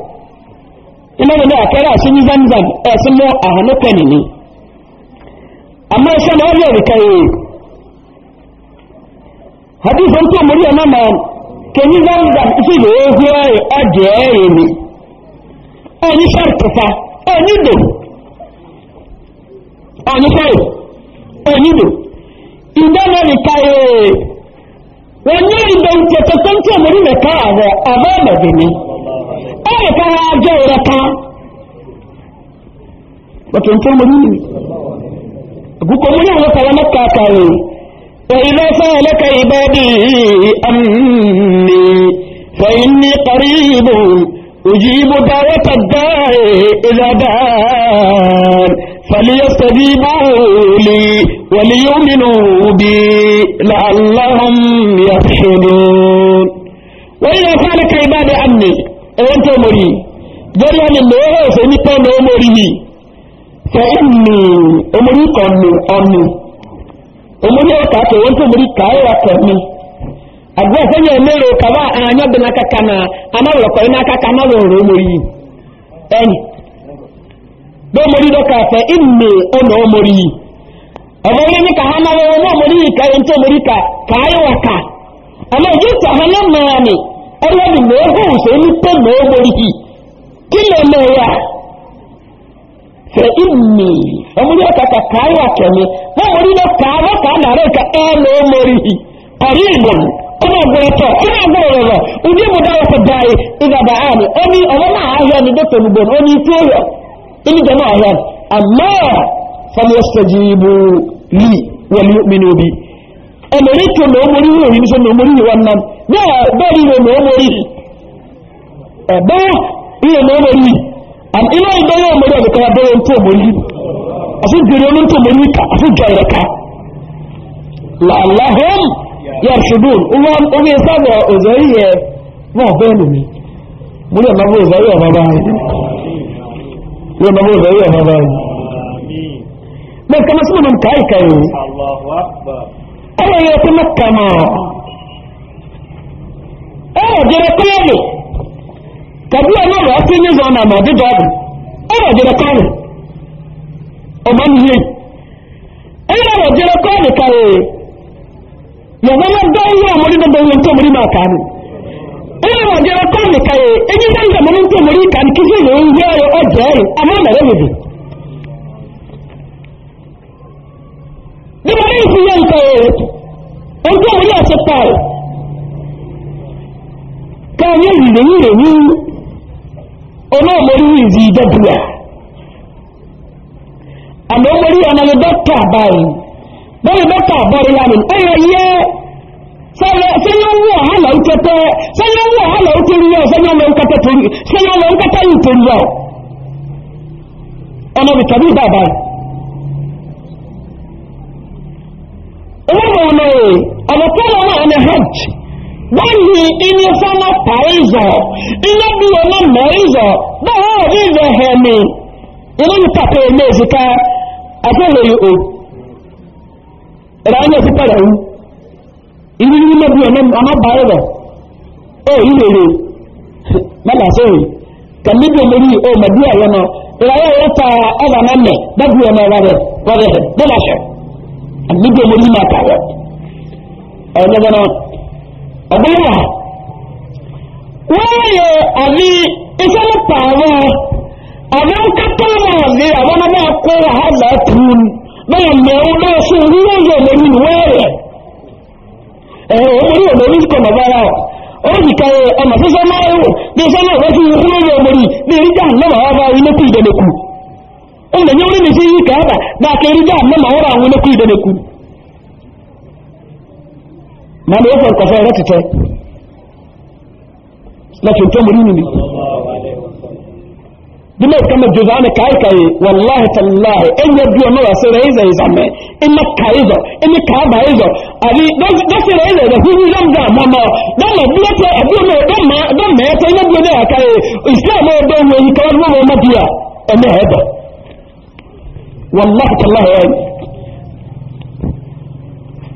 Speaker 1: ina da a kera sun yi zanzan a sun mo a hannu kwani ne amma ya sama wani yau kai hadisun to muri yana ma ke yi zanzan su da ya huwa ya ajiye ya yi ne a ni shartufa a ni do a ni sai a ni do idan na ni kai wani yau da wuce ta kwanci
Speaker 3: muri ẹ̀ẹ̀ka ajẹ́ ìrẹ́ka
Speaker 1: wọ́n tó mọ̀ nínú àgùkọ mú ní وإذا سألك عبادي أمني فإني قريب أجيب دعوة الداع إذا دار فليستجيبوا لي وليؤمنوا بي لعلهم يرشدون وإذا سألك عبادي أمني ẹ̀wọ́n tó mọ̀rí lórí ọmọ ìmọ̀ ọ̀sẹ̀ nípa ọmọ omori yìí fẹ́ ìmì omori kọ̀ọ̀nù ọ̀nù ah, omori ọ̀kà tó wọ́n tó mọ̀rí káyọ̀ kọ̀ọ̀nù àgbọ̀ ọ̀fẹ́yẹ mẹ́rọ kàwá àyàn bẹ̀ náà kàkà ọ iná kàkà amáwọ̀rọ̀ omori yìí ẹni bó mọ̀rí dọ́kà fẹ́ ìmì ọ̀nà omori yìí ọ̀bọ̀ orí ní kàhánà ọ yìí káyọ̀ ká ọlọ́dì mẹ́hùn ṣe ní pé mẹ́gbòrí yìí kí lè mẹ́ ya fẹ́ ìmì ọmọdé ọ̀kàkà káyà kẹ̀mí wọ́n mọ̀ nínú káàmọ́ káà nàárẹ̀ ká ẹ̀ mẹ́ mẹ́rí yìí ọ̀rí ìgbọ̀n ọmọ ọgbọ̀n ọtọ ọmọ ọgbọ̀n ọrọ̀ ojú ìmúdá ọkọ̀ báyìí ìgbàgbà àmì ó ní ọmọ náà ahẹ́ ni dókè olùgbọ̀n ó ní ikú ọyọ inú jẹ náà ahẹ́ àmọ́ fọmọsọjì ibu lì wọlé mi ní obi ẹ̀mẹ̀rẹ̀ tó lọ́ọ́ mọ́rí wọ̀nyí ní sọ́nà mọ́rí wọ̀nyí náà náà bẹ́ẹ̀ ni ìrònú omori ẹ̀bá ìrònú omori iná ìdọ́yẹ omori ọ̀dọ̀kọ̀ abẹ́rẹ́ ntọ́ omori àti ìdìrí olú ntọ́ omori ká àti ìjọ ìrẹ́ka làlàhùn yàrṣùdùn omi ìsáàbọ̀ òzò yíyẹ náà bẹ́ẹ̀ nù mí mo yẹ ọ̀nàbọ̀ òzò yíyẹ ọ̀nà báyìí mo yẹ ọ̀nàbọ̀ òzò yíyẹ ọ̀nà báyìí mo kàn sí mo nà ń ká ìkà yìí ọ̀rọ̀ yẹ kí mẹ́ta náà ọ̀jẹ̀rẹ̀ kọ́ọ̀nù tàbí ọlọ́rọ̀ ọtí ní ìzọ̀ ọ̀nà àmàdídọ̀ ọ̀dù ọ̀rọ̀ ọ̀jẹ̀rẹ̀ kọ́ọ̀nù ọmọ nìyí ọ̀rọ̀ ọ̀jẹ̀rẹ̀ kọ́ọ̀nù kàwé yàgbọ́n wọn dá owó ọmọdé náà bẹ̀rẹ̀ tó mọ̀rí máa kàánù ọ̀rọ̀ ọ̀jẹ̀rẹ̀ kọ́ọ̀nù kàwé ẹni náà yà mọ̀rí tó mọ̀rí kàánù kí sí ìlú ìwé káyé ìrèyìnrèyí olóòmórí ìzì ìjọba àmì omórí ọmọlẹ dọ́kítà báyìí bẹ́ẹ̀ dọkịta bọ́ọ̀rẹ́ yá mi ẹ̀yẹ yẹ sẹ́yìn owó ọ̀hánà ìtẹ́tẹ́ sẹ́yìn owó ọ̀hánà ìtẹ́rí yẹ sẹ́yìn ọmọ nkẹtẹ́ torí sẹ́yìn ọmọ nkẹtẹ́ yìí torí yẹ ọmọ mi tọ́bí ìgbà báyìí. owó mọ̀ ọ̀nà ọ̀nà tó lọ́wọ́ ọ̀nà hajj. báyìí inú fọ́nà pàrízọ̀ iná bí ọmọ mẹ́rízọ̀ báwọn ọ̀rí rẹ̀ hẹ̀mí inú ní eme ilé ìsìká àfẹ́lẹ̀ o ìrànlẹ̀ sí pẹ̀lẹ̀ wú inú ní ilé bí o bàírọ̀ ó yí rere mẹ́lá sórí ka bí omi o mẹ́bí ẹ̀yọ́ náà ìrànlẹ̀ yóò ta ọ̀rọ̀ náà ọgbọ́nà wọ́n yẹ àbí ìfẹ́lẹ́ pààrọ̀ àbí ń kápá náà ní àwọn ọmọ ọkọ wàhálà tún bẹ́ẹ̀ mẹ́rin náà sí orílẹ̀ èdè lórí ìwẹ́rẹ̀ ẹ̀rọ orí òmò orí kọ̀ lọ́bàrà ó sì ọmọ máa náà wọ́n ní náà kú ìdẹ̀lẹ̀kù ó lè ní orí mi sí yìí kẹ́ ma ni yẹ́fẹ̀ kọfẹ́ rẹ̀ ti tẹ́ lọ́tún tó mú nínú bí mẹ́ kama jùzọ́ ní káyíkáyí wàláhì tàláhì ẹ̀yẹ bí ọmọ wà sí rẹ̀ ìzẹ̀ ìzàmẹ́ iná káyízọ̀ iná káàbà ìzọ̀ àbí dọ́sí rẹ̀ ìzẹ̀ ìhúhú lọ́mdà mọ́mọ́ dọ́mọ̀ bí ó tẹ́ ẹ̀bí ọmọ dọ́mọ̀ ẹ̀tẹ́ ẹ̀yẹ bí ọmọ àkáyé islam ọdọ́ ìwé yìí kọ́wọ́ ọmọ bíyà ẹ̀mẹ́ ẹ̀dọ̀ wàláhì tàláhì ẹ̀yẹ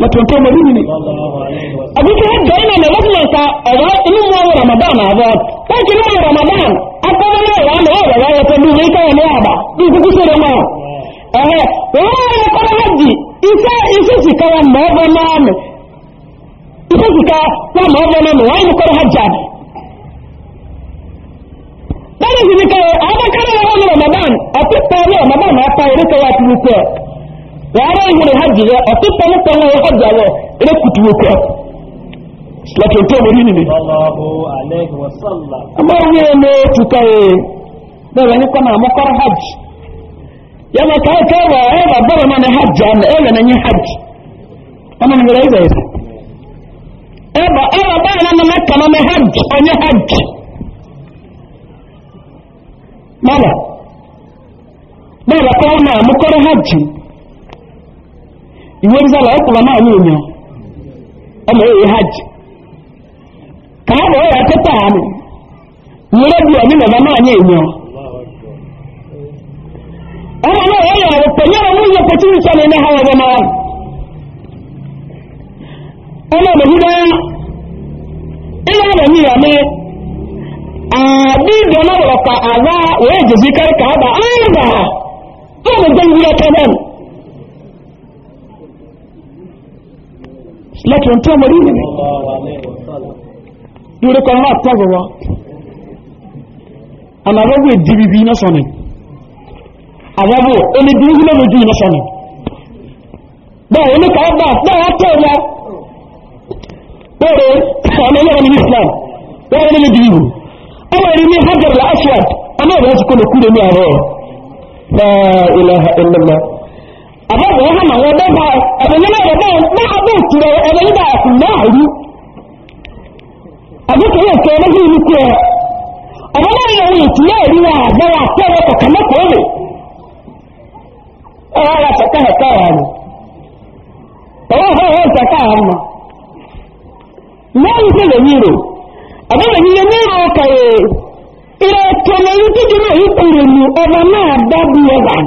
Speaker 1: matuntun mari ne
Speaker 3: abikin yadda yana da musulunta
Speaker 1: a ba inu mu wa ramadan a ba ko ki mu ramadan
Speaker 3: a ko ne wa ne wa ba ya ta
Speaker 1: duwe ta ne ba du ku kusure ma eh wa ya ko haji isa isa si ka wa ma ba ma ne isa si ka wa ma ba ne wa ni ko hajja ne wàhálà ìhun ìhajì yẹ ọtí pọnpọ náà hajj ayọ eré kutuwo kọ lọtọ tó mo rí nìyí. ọmọ mi yẹn ní tuta anyị bẹẹ bẹẹ hajj na náà káyọ̀ káyọ̀ wọ ẹ bá bọ́ọ̀lù hajj ọ̀nà ẹ lẹ́nu ní hajj hajj hajj. hajj. ìwé ń sọ̀rọ̀ ọkùnrin náà ní ìyàn ọmọ èyí hajj kàábọ̀ ọ̀rọ̀ akẹ́tà àmì ìwúrẹ́ bí ọ̀mí bàbá náà ní ìyàn ọmọ náà wọ́n yà rẹ̀ pẹ̀lú àwọn oúnjẹ pẹ̀tí ń sọ̀rọ̀ iná hàwọ̀ ọmọ wọn ọmọ òmìnira ilé ka lẹ́kìn tó mọ̀rí nìyẹn lórí kan náà tọ́gbọ̀wọ́ àmàrọ́gbọ̀ ìdìbìbì iná sọ̀nì àwọ́bọ̀ onídìbìbì lọ́nà ojú iná sọ̀nì báwọn oníkàá bá báwọn tó lọ pẹ̀rẹ̀ ọ̀nà yọ̀rọ̀ ní islam wọ́n ní dìbìbì ọmọ ìrìn ní hajj al-aswad ọmọ ìrìn ti kọ́ lókù lónìí àárọ̀ la ilaha illallah àbẹ̀bẹ̀ yẹn hama àwọn ọgbẹ́ bá ẹ̀bẹ̀ yẹn náà bẹ́ẹ̀ bá abẹ́ òtúrọ̀ ẹ̀bẹ̀ yìí bá ẹ̀kùn náà rú àbíkẹ́lẹ̀ òkè ẹlẹ́gbẹ́ ìlú kú ẹ ọ̀bẹ́ náà yẹ ohun ìtì náà ẹ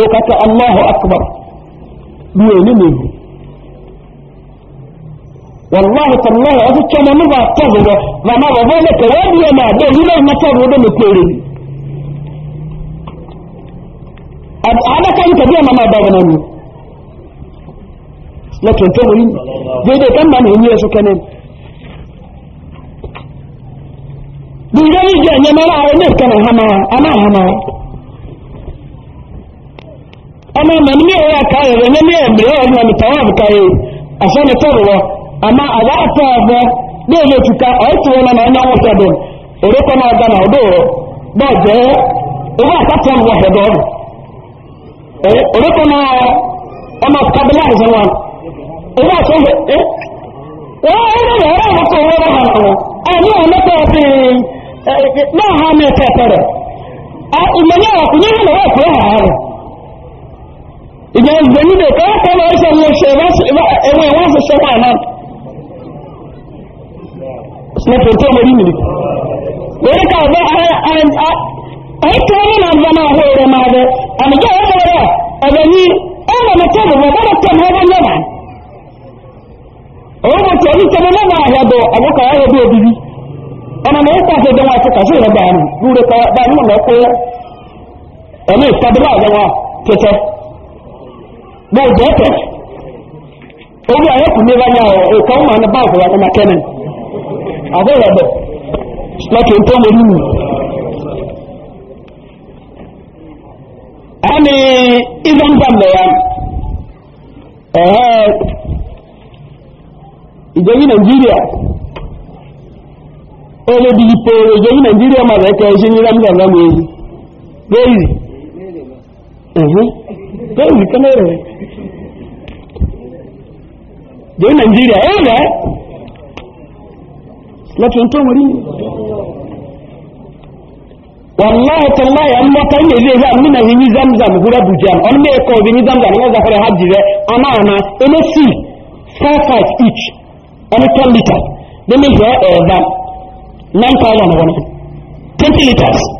Speaker 1: kókàtà allahu akbar duwe ni mebu wallahi tallahi asu chama nuba tazuro vama vavole ke wadi ya maade hile masaru ude mekwere ada kan tabia mama baba nani na tonto muri dede kan ma ne nyesu kanen bi ga ni nyamara ne ha hama ama hama ama mamne ya kaya wenye ya na mitawabu kaya asana torwa ama agata ba dole tuka aitu wana na nyawo sado oroko na gana odo doje owa katan wa hedo oroko e, e, e, na na a na ìjọ ìgbẹ̀mí lè kọ́ kọ́ lọ ṣe wọ́n ṣe ẹwọ́n ẹwọ́n ṣe ṣe wà náà
Speaker 3: sinapẹ̀ tó mọ̀ rí mi
Speaker 1: ká ọ̀bẹ àìtí wọn náà gbọ́n náà hó máa bẹ àmìjọ ní bọ̀ ayọ̀ bí kàṣẹ́ bá ẹ̀mí ìtàdúrà tẹ̀tẹ̀ bá ìjẹ́ ẹ̀tẹ̀ orí ayẹ́kù ní wáyá ọ̀ ẹ̀kọ́ ọmọ àná bá ọ̀fọ̀wà ọmọ kẹ́nì àbúrẹ̀bẹ̀ lọ́kì tó lè mú ẹni ilé ń dàmọ̀ ya ẹ̀hẹ́ ìjẹ́yí nàìjíríà ẹ̀rẹ́ bí ipò ìjẹ́yí nàìjíríà máa rẹ̀ kẹ́ ẹ̀ṣẹ́ ní rámdà rámdà
Speaker 3: Tôi không cái rồi
Speaker 1: Với Nigeria eh eh Lakin to wari Wallahi tallahi amma kan ne zai zan nuna yi zamzam gura bujan on me ko bi ni zamzam ne zakare haji be ana ana ene si 4 5 each on 10 liter then me here eh 9000 wona 20 liters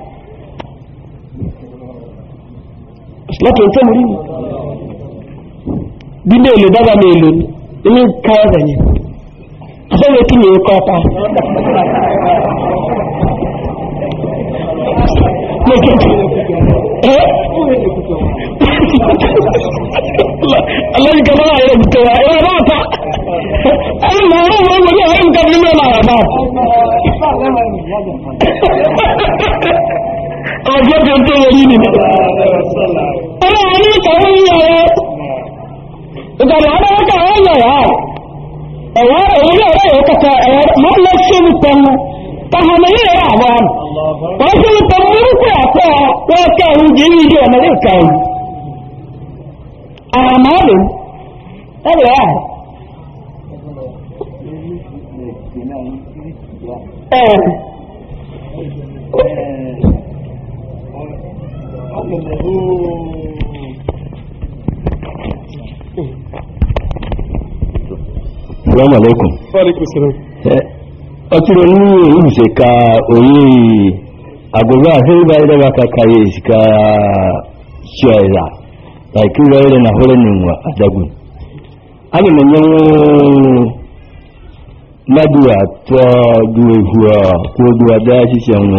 Speaker 1: láti ọ̀tọ́ mú rí ní bí mélòó dábà mélòó inú káyà rẹ̀yìn
Speaker 3: afẹ́rẹ́ kí ni ó kọ́ pa Alẹ́yìn kan náà yẹ kùtẹ̀ wá, ẹ̀rọ náà ta,
Speaker 1: ẹ̀rọ náà wọ́n wọ́n wọ́n ní ọ̀rẹ́ nǹkan nínú ọ̀nà àbá ọjọ́ tó ń kéye rí nìyẹn. ọmọ àní ìkàwé ń yọ ọ ìgbàlá aláwọ̀ká ọ̀ yọ ọ ẹ̀wọ́ ẹ̀wọ́ ní ọ̀rẹ́ yẹn kẹta ẹ̀wọ́ máa lọ sí mi pẹ̀lú ọmọ mi yẹn rà wọ́n
Speaker 3: wọ́n sí mi pẹ̀lú
Speaker 1: orúkọ àpọ̀ wọ́n kẹ́ ẹ̀hún jẹ́ yí di ọ̀nà yóò kẹ́ ẹ̀hún. àmọ́ ọ̀dùn ẹ̀rọ
Speaker 3: ẹ̀ ẹ̀rọ.
Speaker 2: salamu alaikum ọtụrụ n'ihe ihuse onye agụba ahịrịba ịdọba aka karịa esika shiọra na ikiri ọrịa na hụrụ n'ụwa adagwu a na-enye nwụ mmadụ atọ kwuo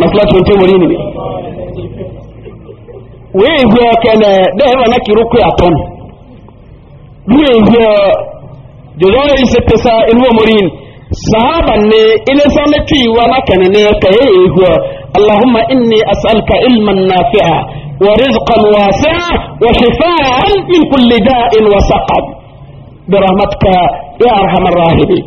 Speaker 3: masalacin temori ne
Speaker 1: wee hwe kene dehe wana kiruku ya ton wee hwe jodore ise pesa inuwa morin sahaba ne ile same tiwa na kene ne ka ye hwe allahumma inni as'aluka ilman nafi'a wa rizqan wasi'a wa shifaa'an min kulli da'in wa saqam برحمتك يا ارحم الراحمين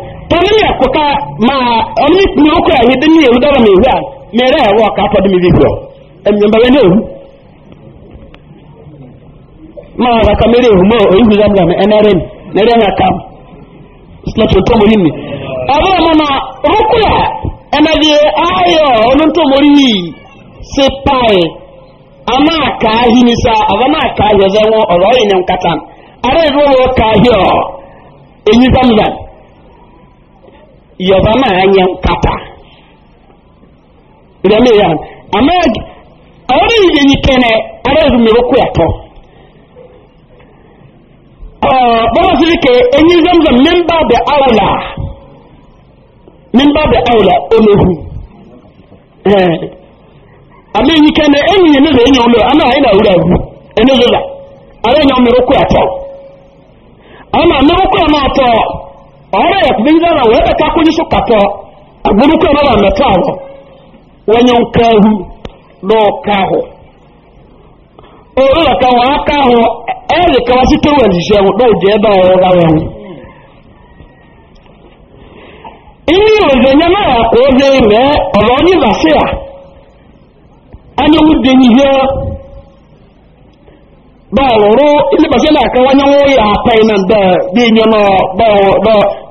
Speaker 1: torí ní ẹ̀kọ́ ká máa ọmọ ìpín ọkọ̀ ẹ̀yìn dín ní èrú dọ́rọ̀ mi ìwé à mẹ́rẹ́ ẹ̀wọ́ ọ̀ká tọ́dú mi bíbọ̀ ẹ̀mí ọmọ ẹni èwú máa ràkà mẹ́rẹ́ èwú mọ́ orígun zamzam ẹnẹ́rìn mẹ́rẹ́ ẹ̀yà ká slọ́tù tó mọ́ ni nkata. Ara ahi zamzam yaba ma anya nkata ndame ya amag awari yije nyikene arezumiro kuyato uh, baba zirike enyi zamzam memba be aula memba be aula onohu eh ame nyikene enyi ne ze enyi olo ana ina ura hu ene zola are nyomiro kuyato ama mero kuyato ọrụ yakubiza na wee bata kwenye so kapọ agburuku ama ba mmetụ awọ wenye nka ehu na ahụ ọrụ ka ọ aka ahụ ere ka wa site ọrụ ya ka oze ime ọrụ onye basị ya anyanwụ dị n'ihe báwo na ilé bàṣẹ́ làkàwá nyẹ́wó na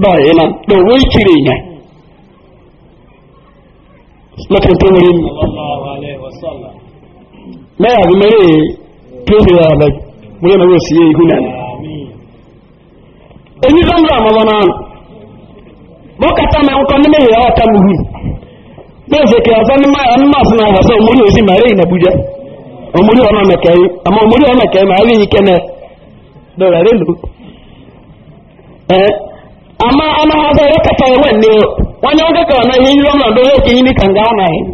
Speaker 1: daayina dhow way jirayaan marka dumarin mayaadu mare duhiyaadag amma ana hazo ya kafa ya wanne wani wanda ka wannan yin yoma do yake ni kanga ona yin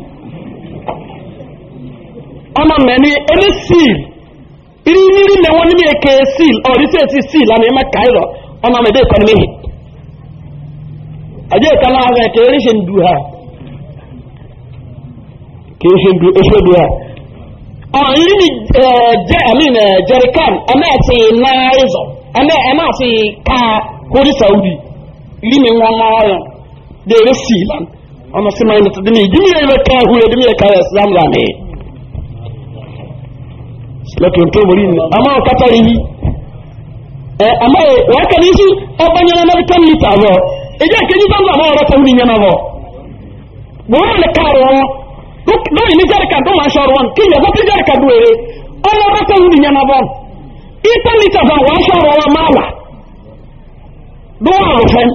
Speaker 1: ama meni any seal iri niri ne woni me ke seal or this is seal ana ma kairo ona me de kon me ke rishin duha ke rishin duha ni e, je ana e, na ana ka kori saudi limi ŋɔŋɔɔyɔ de yɛrɛ sii lan ɔmɔ sima yi nata dimi dimi yɛ bɛ kaa hu yɛ dimi yɛ kaa yɛ silam lan ye silatun tó mori ni ama o kata yi ɛ e, ama ye wa ka ni si ɔba nyana na bi tɔn mi ta bɔ ɛdiya kɛ nyita nfa ma wɔrɔ tɔn mi nyana bɔ bɔn wɔn kaaro wɔn ní jẹ́rìí kan tó máa ń sọ̀rọ̀ wọn kí ìyàgbọ́ tó ń rìn yẹn náà bọ́n ìtàn níta bá wàá wọn máa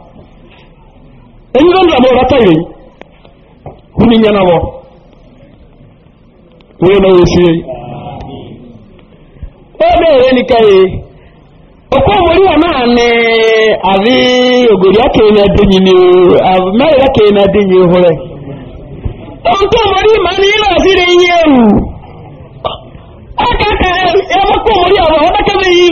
Speaker 1: èyí ló ń lọ àmọ́ ọ̀rọ̀ tẹ̀lé kú ní yẹn náà wọ wọ́n náà wọ́n ṣe é ó bẹ̀rẹ̀ ní kẹ́yẹ òkú òmòrí wọn náà ní àbí ògòrí akéyìn náà dé yìí ní o àbí mẹ́rin akéyìn náà dé yìí o rẹ̀ ohun tó òmòrí màá ní ilé ọ̀sìn ní yẹn o ọ̀kẹ́kẹ́ ẹ̀rọ kó òmòrí ọ̀rọ̀ ọ̀dọ́kẹ́ mi yìí.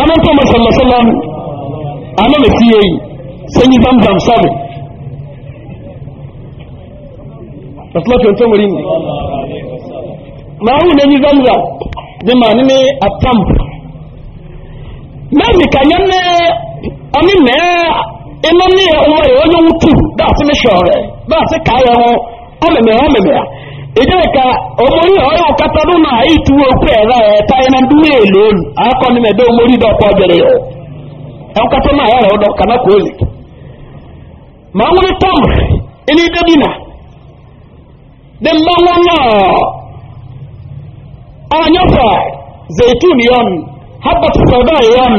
Speaker 1: anan to masallasallam anan da fiye yi sun yi zamzam sami rasulafiyar to muri ne na hu ne yi zamzam di ma ni ne a tamp mẹ́rin kanyẹ ní ọmọ mẹ́ẹ́ iná ní ọmọ rẹ̀ ọyọ́ wútu dáàtí ní sọ̀rẹ̀ dáàtí káyọ̀ ọmọ mẹ́mẹ́ ọmọ mẹ́mẹ́ ideka omori oyo katadu na itu okwera eta na duwe lolu ako ni medo omori do ko bere yo en katama ya odo kana ko ni mangwe tom ini debina dem mangona anyofa zaitun yon habat sauda yon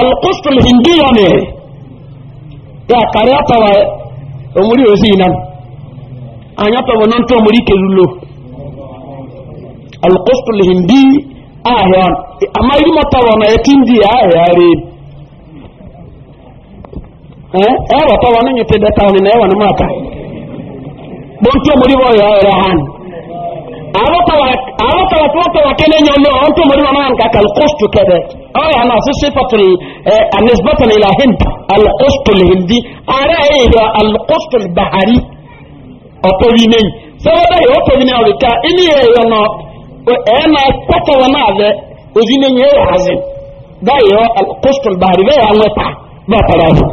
Speaker 1: alqust alhindi yon e. ya karata wa omori osinan anyata wonon to muri ke al kezulo alqostu lihindi ahyan amma yi mata wana ya re eh eh wata wana nyete da tawni na wona mata bon to muri bo ya rahan awata wa awata wa to wa kene nyolo on to muri wana an kakal ke de aw ya na sifatul eh, anisbatan ila hind al al hindi ara ya al ay al bahari ọtọwine sọwọdọ yìí ọtọwine ọrịka ịnị ya ịyọ nọ ẹna e kpọtọrọ n'azẹ ozine nye ya azị dayọ alkostul bahari bẹẹ ya nweta bẹẹ tọrọ ọhụ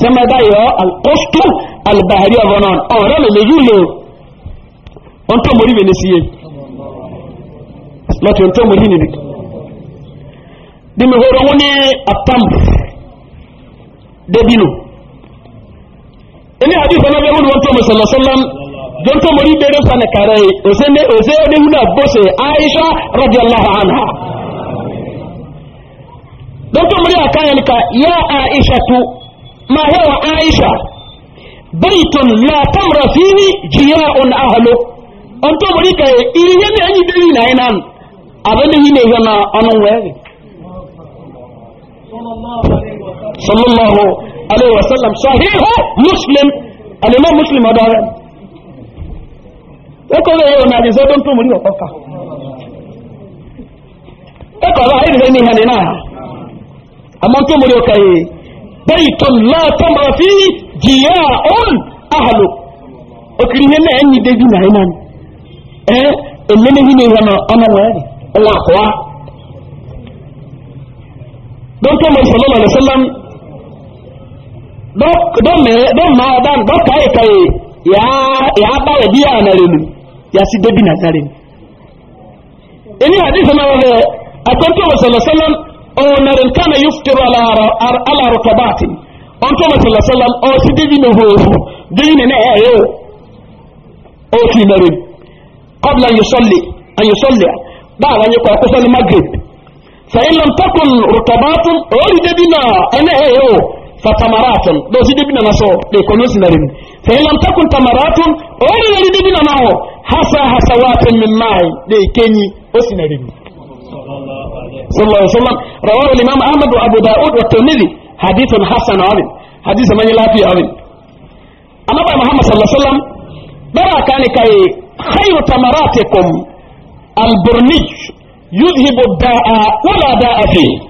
Speaker 1: sẹmẹ dayọ alkostul albahari ọbọ nọ ọrẹ mi lè yúlò ọntọmọrí mi n'esi yẹ lọtọ ọntọmọrí mi dimi horo wọn ni atam debino ini hadith na be wulwon to musalla sallam don to mori be refa na kare o se ne o se o de hula bose aisha radiyallahu anha don to mori akaya ni ka ya aisha tu ma huwa aisha baitun la tamra fihi jiya'un ahlu on to mori ka iri ne ne anyi dali na ina abin yi ne yana anan waye eh?
Speaker 3: sallallahu
Speaker 1: عليه وسلم صحيح مسلم الإمام مسلم هذا ekɔlɔ yɛ ɔna adi sɛ ɔdɔn tó mo ní ɔkɔ ká ekɔlɔ ayi bisɛ ní hɛnɛ náà àmọ́ tó mo ní ɔkɔ yɛ bẹ́ẹ̀ tó lọ tọ́mọ fi jìyà ọ́n ahàlò òkìrì yẹn náà ẹni débi náà yẹn náà ẹ ẹnẹ́nẹ́hìn ní ìwọ̀n ọ̀nà wọ̀nyẹ́ rẹ̀ ọ̀nà àkọ́wá dọ́ntọ́ mọ̀ sọ̀lọ́mọ̀ lọ́sọ́lọ́mọ̀. don ma dan don kai kai ya ya ba ya biya na renu ya si debi na zare ini hadisi na wale akwai wa sallallahu o na ren kana yuftiru ala ala rutubati on to wa sallallahu o si debi na ho debi na ya yo o ti na ren qabla an ba wani ko kusan maghrib fa takun rutubatun o debi na ana e yo فتمرات دو سيدي بنا نسو دي كونوس نرين فإن لم تكن تمرات أولي يريد بنا نعو حسا حسوات من معي دي كيني أسي صلى الله عليه وسلم رواه الإمام أحمد وأبو داود والترمذي حديث حسن عظيم حديث من لا في عظيم أما بقى محمد صلى الله عليه وسلم برا كان كي خير تمراتكم البرنج يذهب الداء ولا داء فيه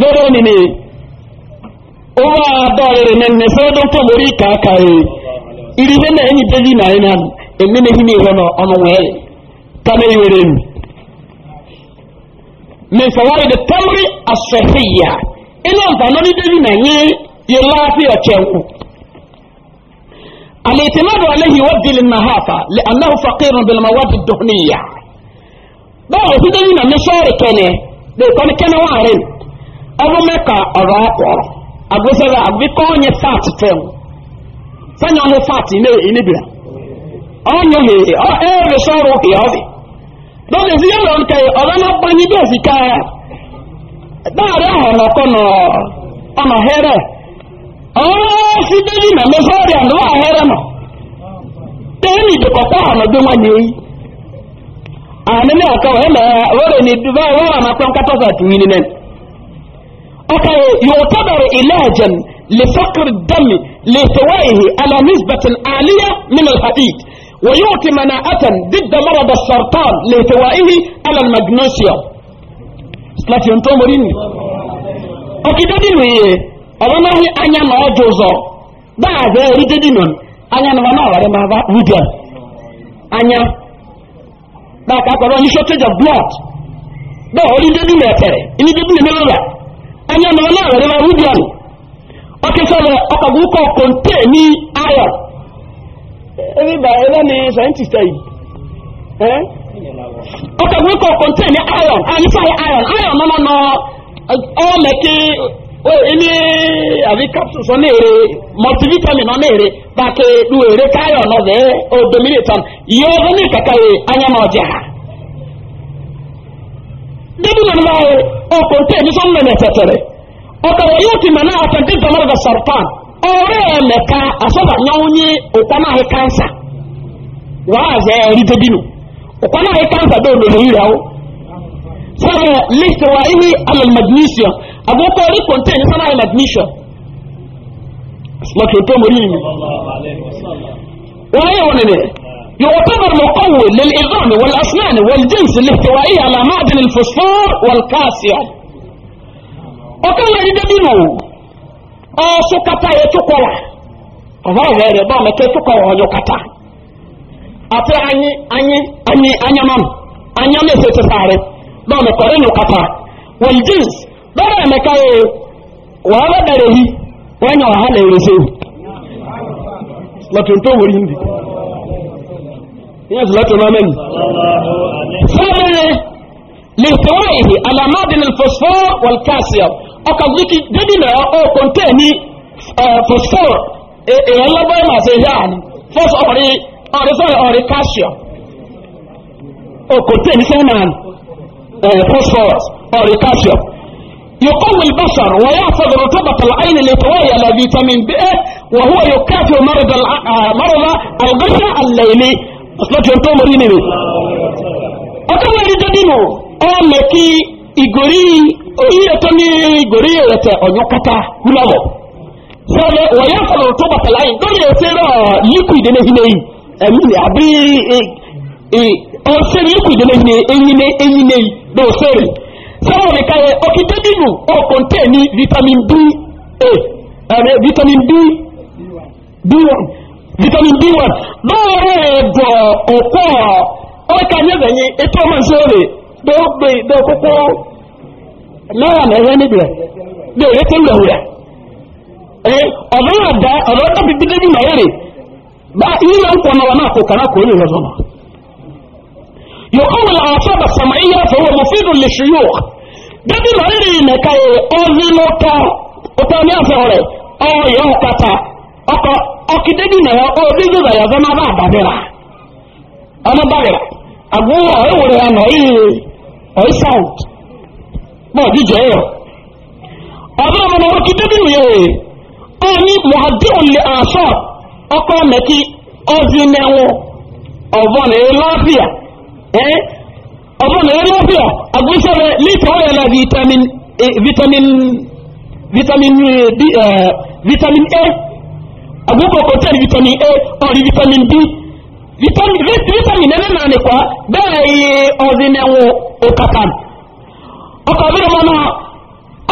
Speaker 1: doro nini uma adorere nenne sodo to mori kakai iribe na enyi teji na ina emme ne hini hono ono wele kame iwerem min fawaid tamri as-sahiyya ina nfano ni teji na nyi ye lafi ya chenku الاعتماد عليه يؤدي للنهافه لانه فقير بالمواد الدهنيه. ده هو سيدنا نشارك كان ده كان كان ọbụ mee ka ọrụ ọkwọrọ agụsịrị agụbikọ onye fat tem sanya ọhụ fat inebira ọnyụ hịhị ọ eresi ọrụ hị ọdị dọdụ ezi ya lọrọ nke ọrụ na-agbanye dị ezi daarị ahụ n'ọkọ nọ ọnọ here O na mmezi ọrịa na ọha here nọ teri dịkọkwa ha n'ọdụ nwanyị oyi anyị na wee eme ọrụ na iduba ọrụ na nkata ọzọ atụghị nne أكي يعتبر علاجا لفقر الدم لثوائه على نسبة عالية من الحديد ويعطي مناعة ضد مرض السرطان لثوائه على المغنيسيوم سلاتي انتو مريني أكي دادي نوي أولا هي أنيا نوجوزو دا غير دادي نون أنيا نوانا وري مهبا وديان أنيا دا كاكورو هي shortage of blood دا هولي دادي نوي أتري إني دادي نوي ọnyẹ na ọlọ ọrẹ máa rúbi àná ọkẹsọrọ ọkọọgbọn kọ kọńté ní ayọ ebi ba ẹbẹ ni scientist ayi ẹ ọkọọgbọn kọ kọńté ní ayọ àyíká ayọ ayọ nọ nọ ọwọ mẹkẹ o ní àbí capsule sọ ní èrè multivitamin náà ní èrè bàkẹ́ lu èrè káyọ̀ náà bẹ́ẹ̀ o dominate am yóò ní kàkà yẹ anyamọ̀ ọjà. دبل الله او كنت ني فم من تتره او كان يوتي منا اتنت زمر ده سرطان اوري مكا اصبا نوني او كما هي كانسر وازا ريت دينو او كما هي كانسر دو دو هيراو سما لستوائه على المغنيسيوم ابو كوري كنت ني سما المغنيسيوم اسمك يتو مريم
Speaker 2: الله عليه وسلم
Speaker 1: ولا يونني يعتبر مقوي للإذان والأسنان والجنس الاحتوائي على معدن الفوسفور والكالسيوم وكان يدبينو أو آه، سكتا يتقوى أظهر غير بانا كتقوى يكتا أتي أني أني أني أني مام أني أني ستفاري بانا كورين يكتا والجنس بانا مكاي وهذا داره وين وهذا يرسيه لكن تو وريندي يا صلاة الإمامين ثانيا لاحتوائه على معدن الفوسفور والكالسيوم أقصدك جدنا أو كونتيني آه، فوسفور إيه الله باي ما يعني. أوري أوري كالسيوم أو كونتيني آه، فوسفور أوري كالسيوم يقوي البشر ويحفظ رطوبة العين لقوية على فيتامين بي إيه، وهو يكافئ مرض آه، مرض الغشاء الليلي ọ̀sọ́tí ọ̀tọ́ mọ̀rí nìrì ọ̀tọ́ mọ̀rí jẹ́dínú ọmọ kí ìgòrí oyíyẹ̀tọ́ ní ìgòrí ẹ̀yẹ̀tẹ̀ ọ̀nyọ́kọta húlọ́wọ̀ sọ́lẹ̀ wọ̀nyẹ́ fọ̀rọ̀ tó bàtà láyìn lórí ẹ̀sẹ̀ rọ̀ liquid ẹ̀nẹ́hìnẹ́ yìí ẹ̀mí àbí ọ̀sẹ̀ liquid ẹ̀nẹ́hìnẹ́ ẹ̀yìnẹ́ ẹ̀yìnẹ́ yìí lọ́sẹ̀ rẹ̀ sọ́wọ́n mi káyẹ ọkì jẹ́dínú ọkọ̀ntẹ́ ní vitamin b a vitamin b b1 vitamin b1 lóòrè ẹ̀dọ̀ òkú ọ̀ ọ̀ka ní ni ètò ọmọ ìṣòro lóògbé ìdẹ́kókó náírà náírà níbi rẹ̀ ní èrè tó ń lọ rẹ̀ ọ̀dọ́ yóò dá ọ̀dọ́ tó fi dídé bí na bá yíyan ń pọnà wà náà kò kàrà kò ní ìrọ̀zọ́ náà yòókù làwọn sábà sàmáyé fọwọ́ mo fi dùn lè ṣe yóò débi náírà ìnẹ̀ka ẹ̀ ọ̀nínú ká ọ̀tọ̀ ní àfẹ́ rẹ̀ ọ̀yọ́ kàtà ọkọ̀ ọkìdébì nà obi zụzọ ya ọzọ n'aba àdàbịra ọnụ dabịra agwụwọ ewere ya nọ ihe ọyị saụt bọd ije ya ọ bụ na ọkìdébì uye onye mụhadi ole asọ ọkọ meki ozi menwụ ọbọ na elafia ee ọbọ na elafia agwụsọrọ lita ọya na vitamin vitamin vitamin eh, d eh, vitamin a agogo ko tẹ́lẹ̀ vitamin a ọ̀rì vitamin b vitamin vitamin ẹ̀mẹ́ máa nìkọ́ bẹ́ẹ̀ yẹ ọ̀dínẹ̀wò òkàtà ọkọ̀ ọ̀bẹ̀rẹ̀ mọ́nà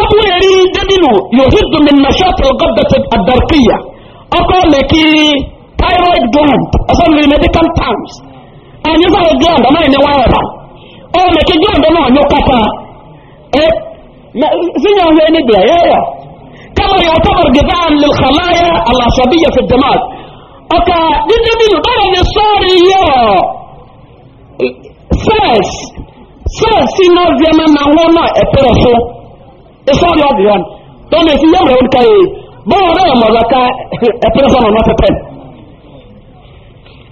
Speaker 1: ọkọ̀ èrí dẹ́bìnù yòóhì domin nashat ọgọ́dọ̀tẹ̀ adarkiya ọkọ̀ mẹ́kì thyroid gland ọ̀sán mi medical terms ẹ̀yìn sọ̀rọ̀ gland ọ̀nà ìní wáyà rà ọ̀ mẹ́kì gland ọ̀nà ọ̀nyọ́ kàtà ẹ̀ sínyẹ̀wò ẹni bẹ̀rẹ̀ yẹ́ yẹ́ كما يعتبر غذاء للخلايا العصبية في الدماغ
Speaker 3: أكا نتمي البرن الصوري
Speaker 1: سيس سيس سينا من نعوانا اترسو اصاري أبيان تاني في يوم رأيك بارا ملكا اترسو من تتن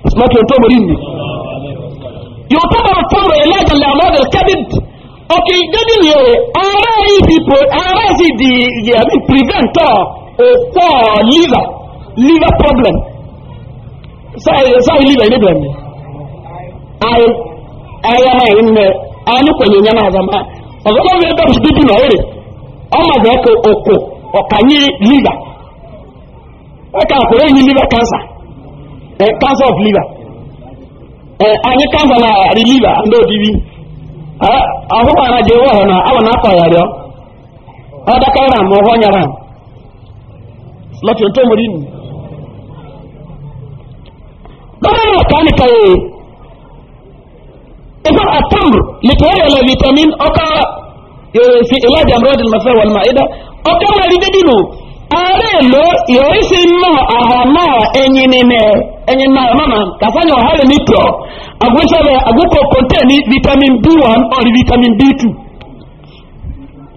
Speaker 1: اسمك يعتبر إني يعتبر التمر علاجا لأمراض الكبد ok gẹ́gẹ́ ni ara ibi ara sì di yẹ̀mí prevent ọ̀pọ̀ liver liver problem sáyé liver níbẹ̀ mi ayé náà yìí nẹ anúkọ̀yẹ̀ yẹn náà zama ọ̀sọ́gbọ́n mi bẹ́ẹ̀ bíbí náà wẹ̀rẹ̀ ọmọ bẹ́ẹ̀ kọ òkò ọ̀kànyí liver ẹ̀ka àkọ́rẹ́ yìí liver cancer ẹ̀ eh, cancer of liver eh, anyi cancer liver Eh, ahụhara ji ewe ọhụrụ awa na-akọ ya rịọ ọ dakọrọ ma ọhụọ nyara lọtụ ntomori nụ dọrọ ka anyị ka ye ife atamr litwaya la vitamin ọka fi ilaja amradil masa wal ma'ida ọka mari dadinu ọrịlụ yorisi nnọọ ọha nnọọ enyi nile enyi nnọọ mama kasanya ọhara nipro agwụsọrọ agwụkọ contain vitamin b1 or vitamin b2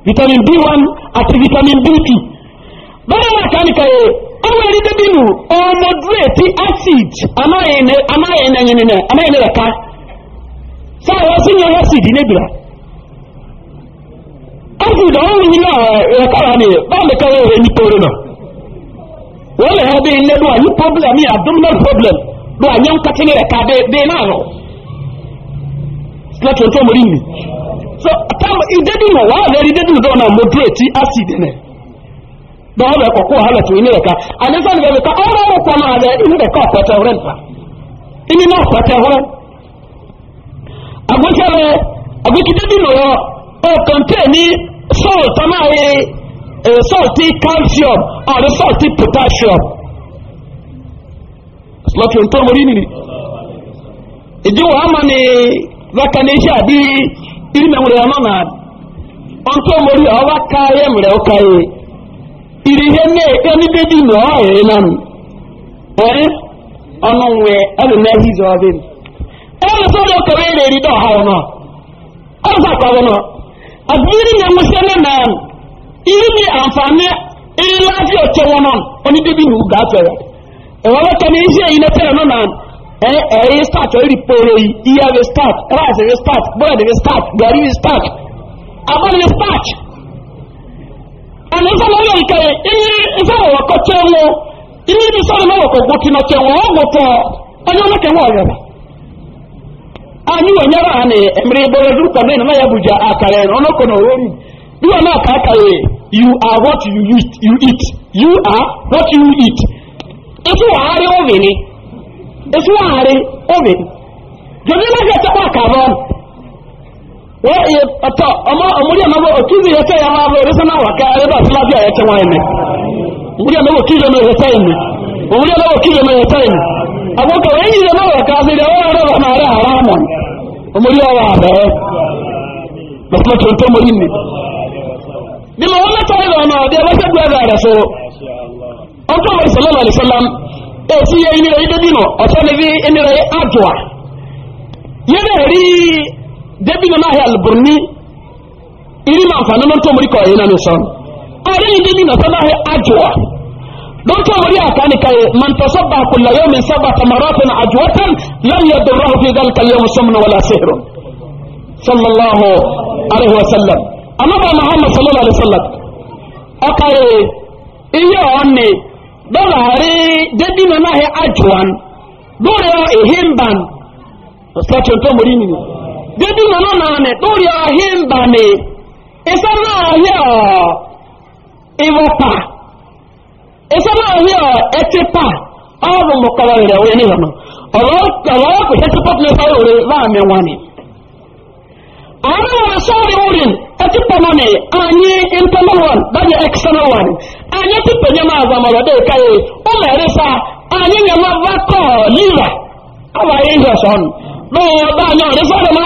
Speaker 1: vitamin b1 àti vitamin b2 bọ́lá náà ká nìkan yẹ ọmọ ẹni débi acid amáyẹnẹ amáyẹnẹ ẹnyẹnẹ amáyẹnẹ rẹ ká sáà wọ́n acid níbìrà. ọ̀sì ìdánwò yìí náà na ni báàmì káwọ́ ìwé ní kóró náà wọ́n lè ha bí nne ló àyú problem yìí abdominal problem ló àyẹ́ ń kàtí ní ẹ̀ka bẹ́ẹ̀ náà rọ̀ sílẹ̀tì ọ̀tọ́ mọ̀rí mi so tam ìdẹ́dùnú wàá lè rí ìdẹ́dùnú dọ́ọ̀ náà moderate acid nọ o kọ̀ǹpẹ́ẹ̀nì salt amáyẹrẹ salt calcium ọ̀rẹ́ salt potassium lọ́tún tó mọ̀ rí nìyí ìdí wọ́n na ni lakana iṣẹ́ àbí irinamúrẹ́ ọ̀nà náà ọ̀ntọ́ mọ̀ rí ọ̀wá káyé mìrẹ́ ọ̀ká yé Iri ihe na ekpe nà ọ̀ ẹ̀rẹ́ náà nù ọ̀rẹ́ ọ̀nà nwẹ̀ ẹ̀rọ náà hìzọ̀ ọ̀bẹ̀ ẹ̀rọ sọ́dọ̀ Abiri yẹn mo ṣe náà mẹ́rin irú ni àǹfààní irú láti ọ̀tọ̀ wọn náà oní bíbí ni ugà fẹ̀rẹ̀ ẹ̀wọ́n lọ́tọ̀ ní iṣẹ́ yìí lọ́tẹ̀rẹ̀ náà náà ẹ ẹ yé start ẹ rí poro yìí iye rẹ start rice rẹ start bread rẹ start gari rẹ start abọ́ rẹ start ọ̀nà ìfọ̀nà yóò kẹ́ iye ìfọ̀nà wọ̀kọ̀ tẹ̀ wọn iye ìfọ̀nà wọ̀kọ̀ gbọ́tì náà tẹ̀ wọn ọ̀gbọ̀tọ̀ ọ̀nyọ́mọ̀kẹ́ wọn ọ̀yọ̀rọ̀. anyị onye ha anyị mere ịgboro ezu na ya bụja akara ọnụkọ na orori dị na-aka akara you are what you eat you are what you eat ịsụwagharị ovini ịsụwagharị ovini jọbi na-aga akara ọnụ wee ihe ọtọ ọmọ ọmụrị otu ndị ya ya ma bụ eresa na ebe ọtụla bịa ya ọmụrị otu ya ọmụrị otu
Speaker 3: àkókò èyí lè mọ́rọ̀ káfíìdì àwọn ọ̀rọ̀ ọ̀nà rẹ̀ àrámù
Speaker 1: omori ọwọ́ àbẹ̀rẹ̀ lọ́pọ̀ tó tó mori nì. bí mo wọ́n mẹ́ta ìlú ọmọ ọ̀dẹ́ wọ́n ṣẹ́gun ẹ̀rọ rẹ̀ so ọkọ̀ mọ̀ ìsọ̀lọ́lọ́ ìsọ̀lọ́m èsì yẹ ìnira yìí débìnà ọ̀tọ́ ni bí ìnira yìí àjọà yẹ́rẹ̀ rí débìnà náà àlùbùrùní ìrìnà àǹfààní náà tó mori kọ̀ don to mari aka ni kai man tasabba kullu yawmin sab'ata maratin ajwatan lam yadurruhu fi dhalika al-yawm sumn wala sihr sallallahu alaihi wasallam annabi muhammad sallallahu alaihi wasallam akai iya onni dala hari jadi na he ajwan dore o ehimban sacho to mari ni jadi na na ne dore o ehimban ne esa na ya iwopa ìsọ́nà ọ̀hí ọ̀ ẹtí pa ọ̀rọ̀ mọ̀kọ́rọ̀ rẹ̀ wọ́n ní ọ̀nà ọ̀rọ̀ kò ṣẹ́tí pọ̀ ní ọ̀rọ̀ rẹ̀ láàmì wọn ni. ọ̀rọ̀ wọn sọ́ọ̀rọ̀ wúrin ẹtí pọ̀ mọ́ mi ànyí internal one báyìí external one ànyí pípẹ̀ ní ọmọ àgbàmọ̀rọ̀ dé káyé ó mẹ́rin fa ànyí ní ọmọ vakọ̀ líra ọba ìzọ̀ sọ́n lọ́wọ́ bá ànyí ọ̀rẹ́ fọ́ọ̀rọ̀ máa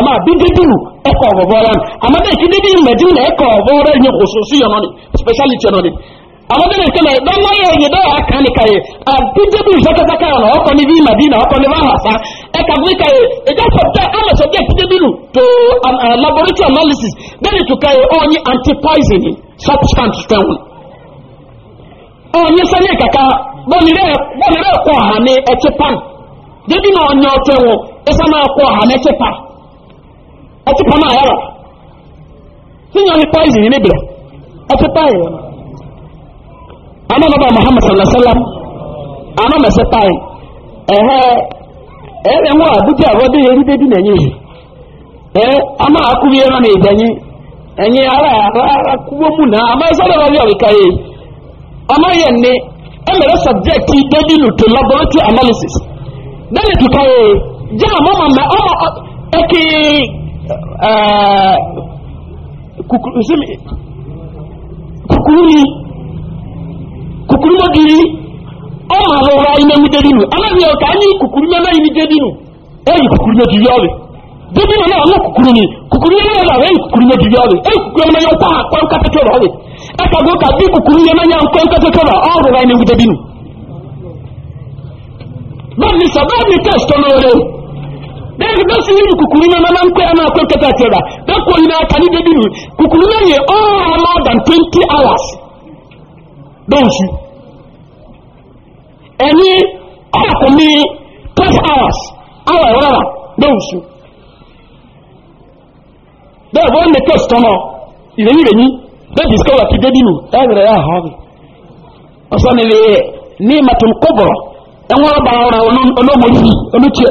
Speaker 1: ama bididiru ɛkɔ ɔbɔbɔran ama de ti didi mɛdi na ɛkɔ ɔbɔbɔra nye kususu yɛ nɔni speciality nɔni ama de na kele dɔnna yɛ yi dɔ yɛ kan ka ye e a bididiru sakasaka yɛ na ɔkɔ ni bi madi na ɔkɔ ni ba wasa ɛka fi ka ye ɛja sɔpita ama sɔpita bididiru to laboratory analysis de de tu ka ye ɔnye antipoison substance fɛn ɔnye sani kaka bɔnni dɛ bɔnni dɛ kɔ ha ni ɛti pan didi na ɔnye ɔtɛ wo na kɔ ha ɛti pam a yɛrɛ sinya ni poison ni bila ɛti pa yɛ ana muhammad sallallahu alaihi wa sallam ana mɛ sɛ pa yɛ ɛhɛ ɛyɛ ŋo abuja awɔ de yɛri de na
Speaker 2: yɛri ɛɛ
Speaker 1: ama ara ara kubo na ama ɛsɛ ɔbɛ bi ɔbɛka to analysis ka e. ama ma Eh, kukuru ni kukuru mọ́gìrì ọmọ àwọn ọ̀rọ̀ iná mi dédìnù aláàrin ọ̀ká ní kukuru mẹ́lá yìí dédìnù ẹ̀yìn kukuru mẹ́gìrì ọ̀rẹ́ dédìnù náà ọ̀nà kukuru ni kukuru mẹ́lá ọ̀rọ̀ ẹ̀yìn kukuru mẹ́gìrì ọ̀rẹ́ ẹ̀yìn kukuru mẹ́lá yọ̀ọ́ pa àpọ̀ nkátẹ́kẹ́ ọ̀rẹ́ ẹ̀ka gbọ́ka bí kukuru mẹ́lá yọ̀ọ́ pa nkátẹ́kẹ́ ọ̀rẹ́ ọ̀rọ̀ iná mi dédìnù bẹ́ẹ̀ ni sọ bẹ́ẹ̀ ni tẹ́sítọ́ náà rẹ̀ bẹ́ẹ̀ni bẹ́ẹ̀ sí nínú kùkùrú náà máa ń pẹ́ ẹ̀mọ́ àpẹ́ kẹta àti ẹ̀rà bẹ́ẹ̀ kò ní aka ní débi nù kùkùrú náà yẹ all more than twenty hours bẹ́ẹ̀ sí ẹni ọ̀pọ̀ ní twelve hours hour ìrọ̀rà bẹ́ẹ̀ sí bẹ́ẹ̀ wọ́n ní test ọmọ ìrẹ̀yìn rẹ̀yìn bẹ́ẹ̀ discover ti débi nù ẹ̀rẹ̀ yà hàn mí ọ̀sán ni lè ní ìmọ̀tò kọ́gọ̀rọ̀ ẹ̀wọ̀n ọba ọ̀rọ̀ olómọ̀ọ́sí olókìẹ́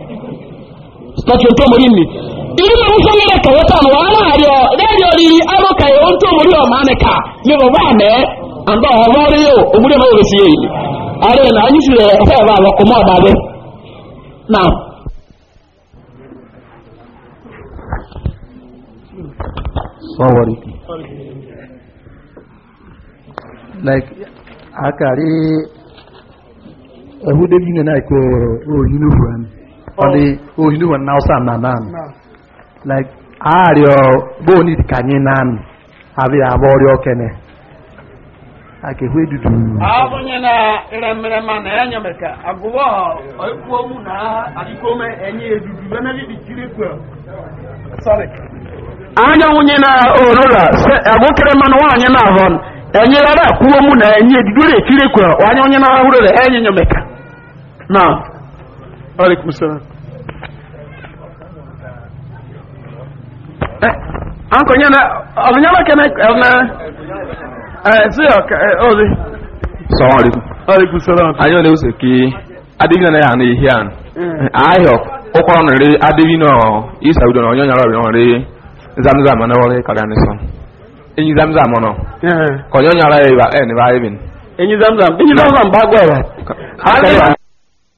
Speaker 1: láti ohun tó mọ̀ nínú irúgbà ń sọ lẹ́rẹ̀ tán wà láàárín ọ lẹ́rìí orí arúkà yìí ohun tó mọ̀ rí ọ̀mà nìka ní bàbá àmẹ́ àǹdà ọ̀rọ̀ rí o òmùdé máa wòlé sí i ààrẹ sì rẹ̀ ọ̀fẹ́ mọ́ rẹ̀ náà.
Speaker 3: sọ́wọ́rì akari
Speaker 2: on the oh. oh, na and Nausa Nanan. Like, Ario, Bonit Kanyinan, ọrịa Borio Kene. Ake edudu. dudu.
Speaker 3: Abonye na
Speaker 1: iremere ma na enye meka agwa oikwo mu na adikome enye edudu bana
Speaker 2: bi dikire kwa. Sorry.
Speaker 1: Anya wunye na orora se agukere ma na wanye na avon enye rara kuwo na enye edudu re kire kwa wanye wunye na ahuro re enye nyomeka. Now. عليكم Eh, ankonye na ọbịnyama kene na si e, e, ozi sọrọ ọrịkwu sọrọ ọrịkwu anyị ọlẹ́wọ̀sọ kí adébí na yà ní ihe à ahịọ ụkwara nri adébí náà isa udo na onye nyara ọrịa nri zamzam na ọrịa karịa enyi zamzam nọ ka onye nyara ya ịba ẹni enyi zamzam enyi zamzam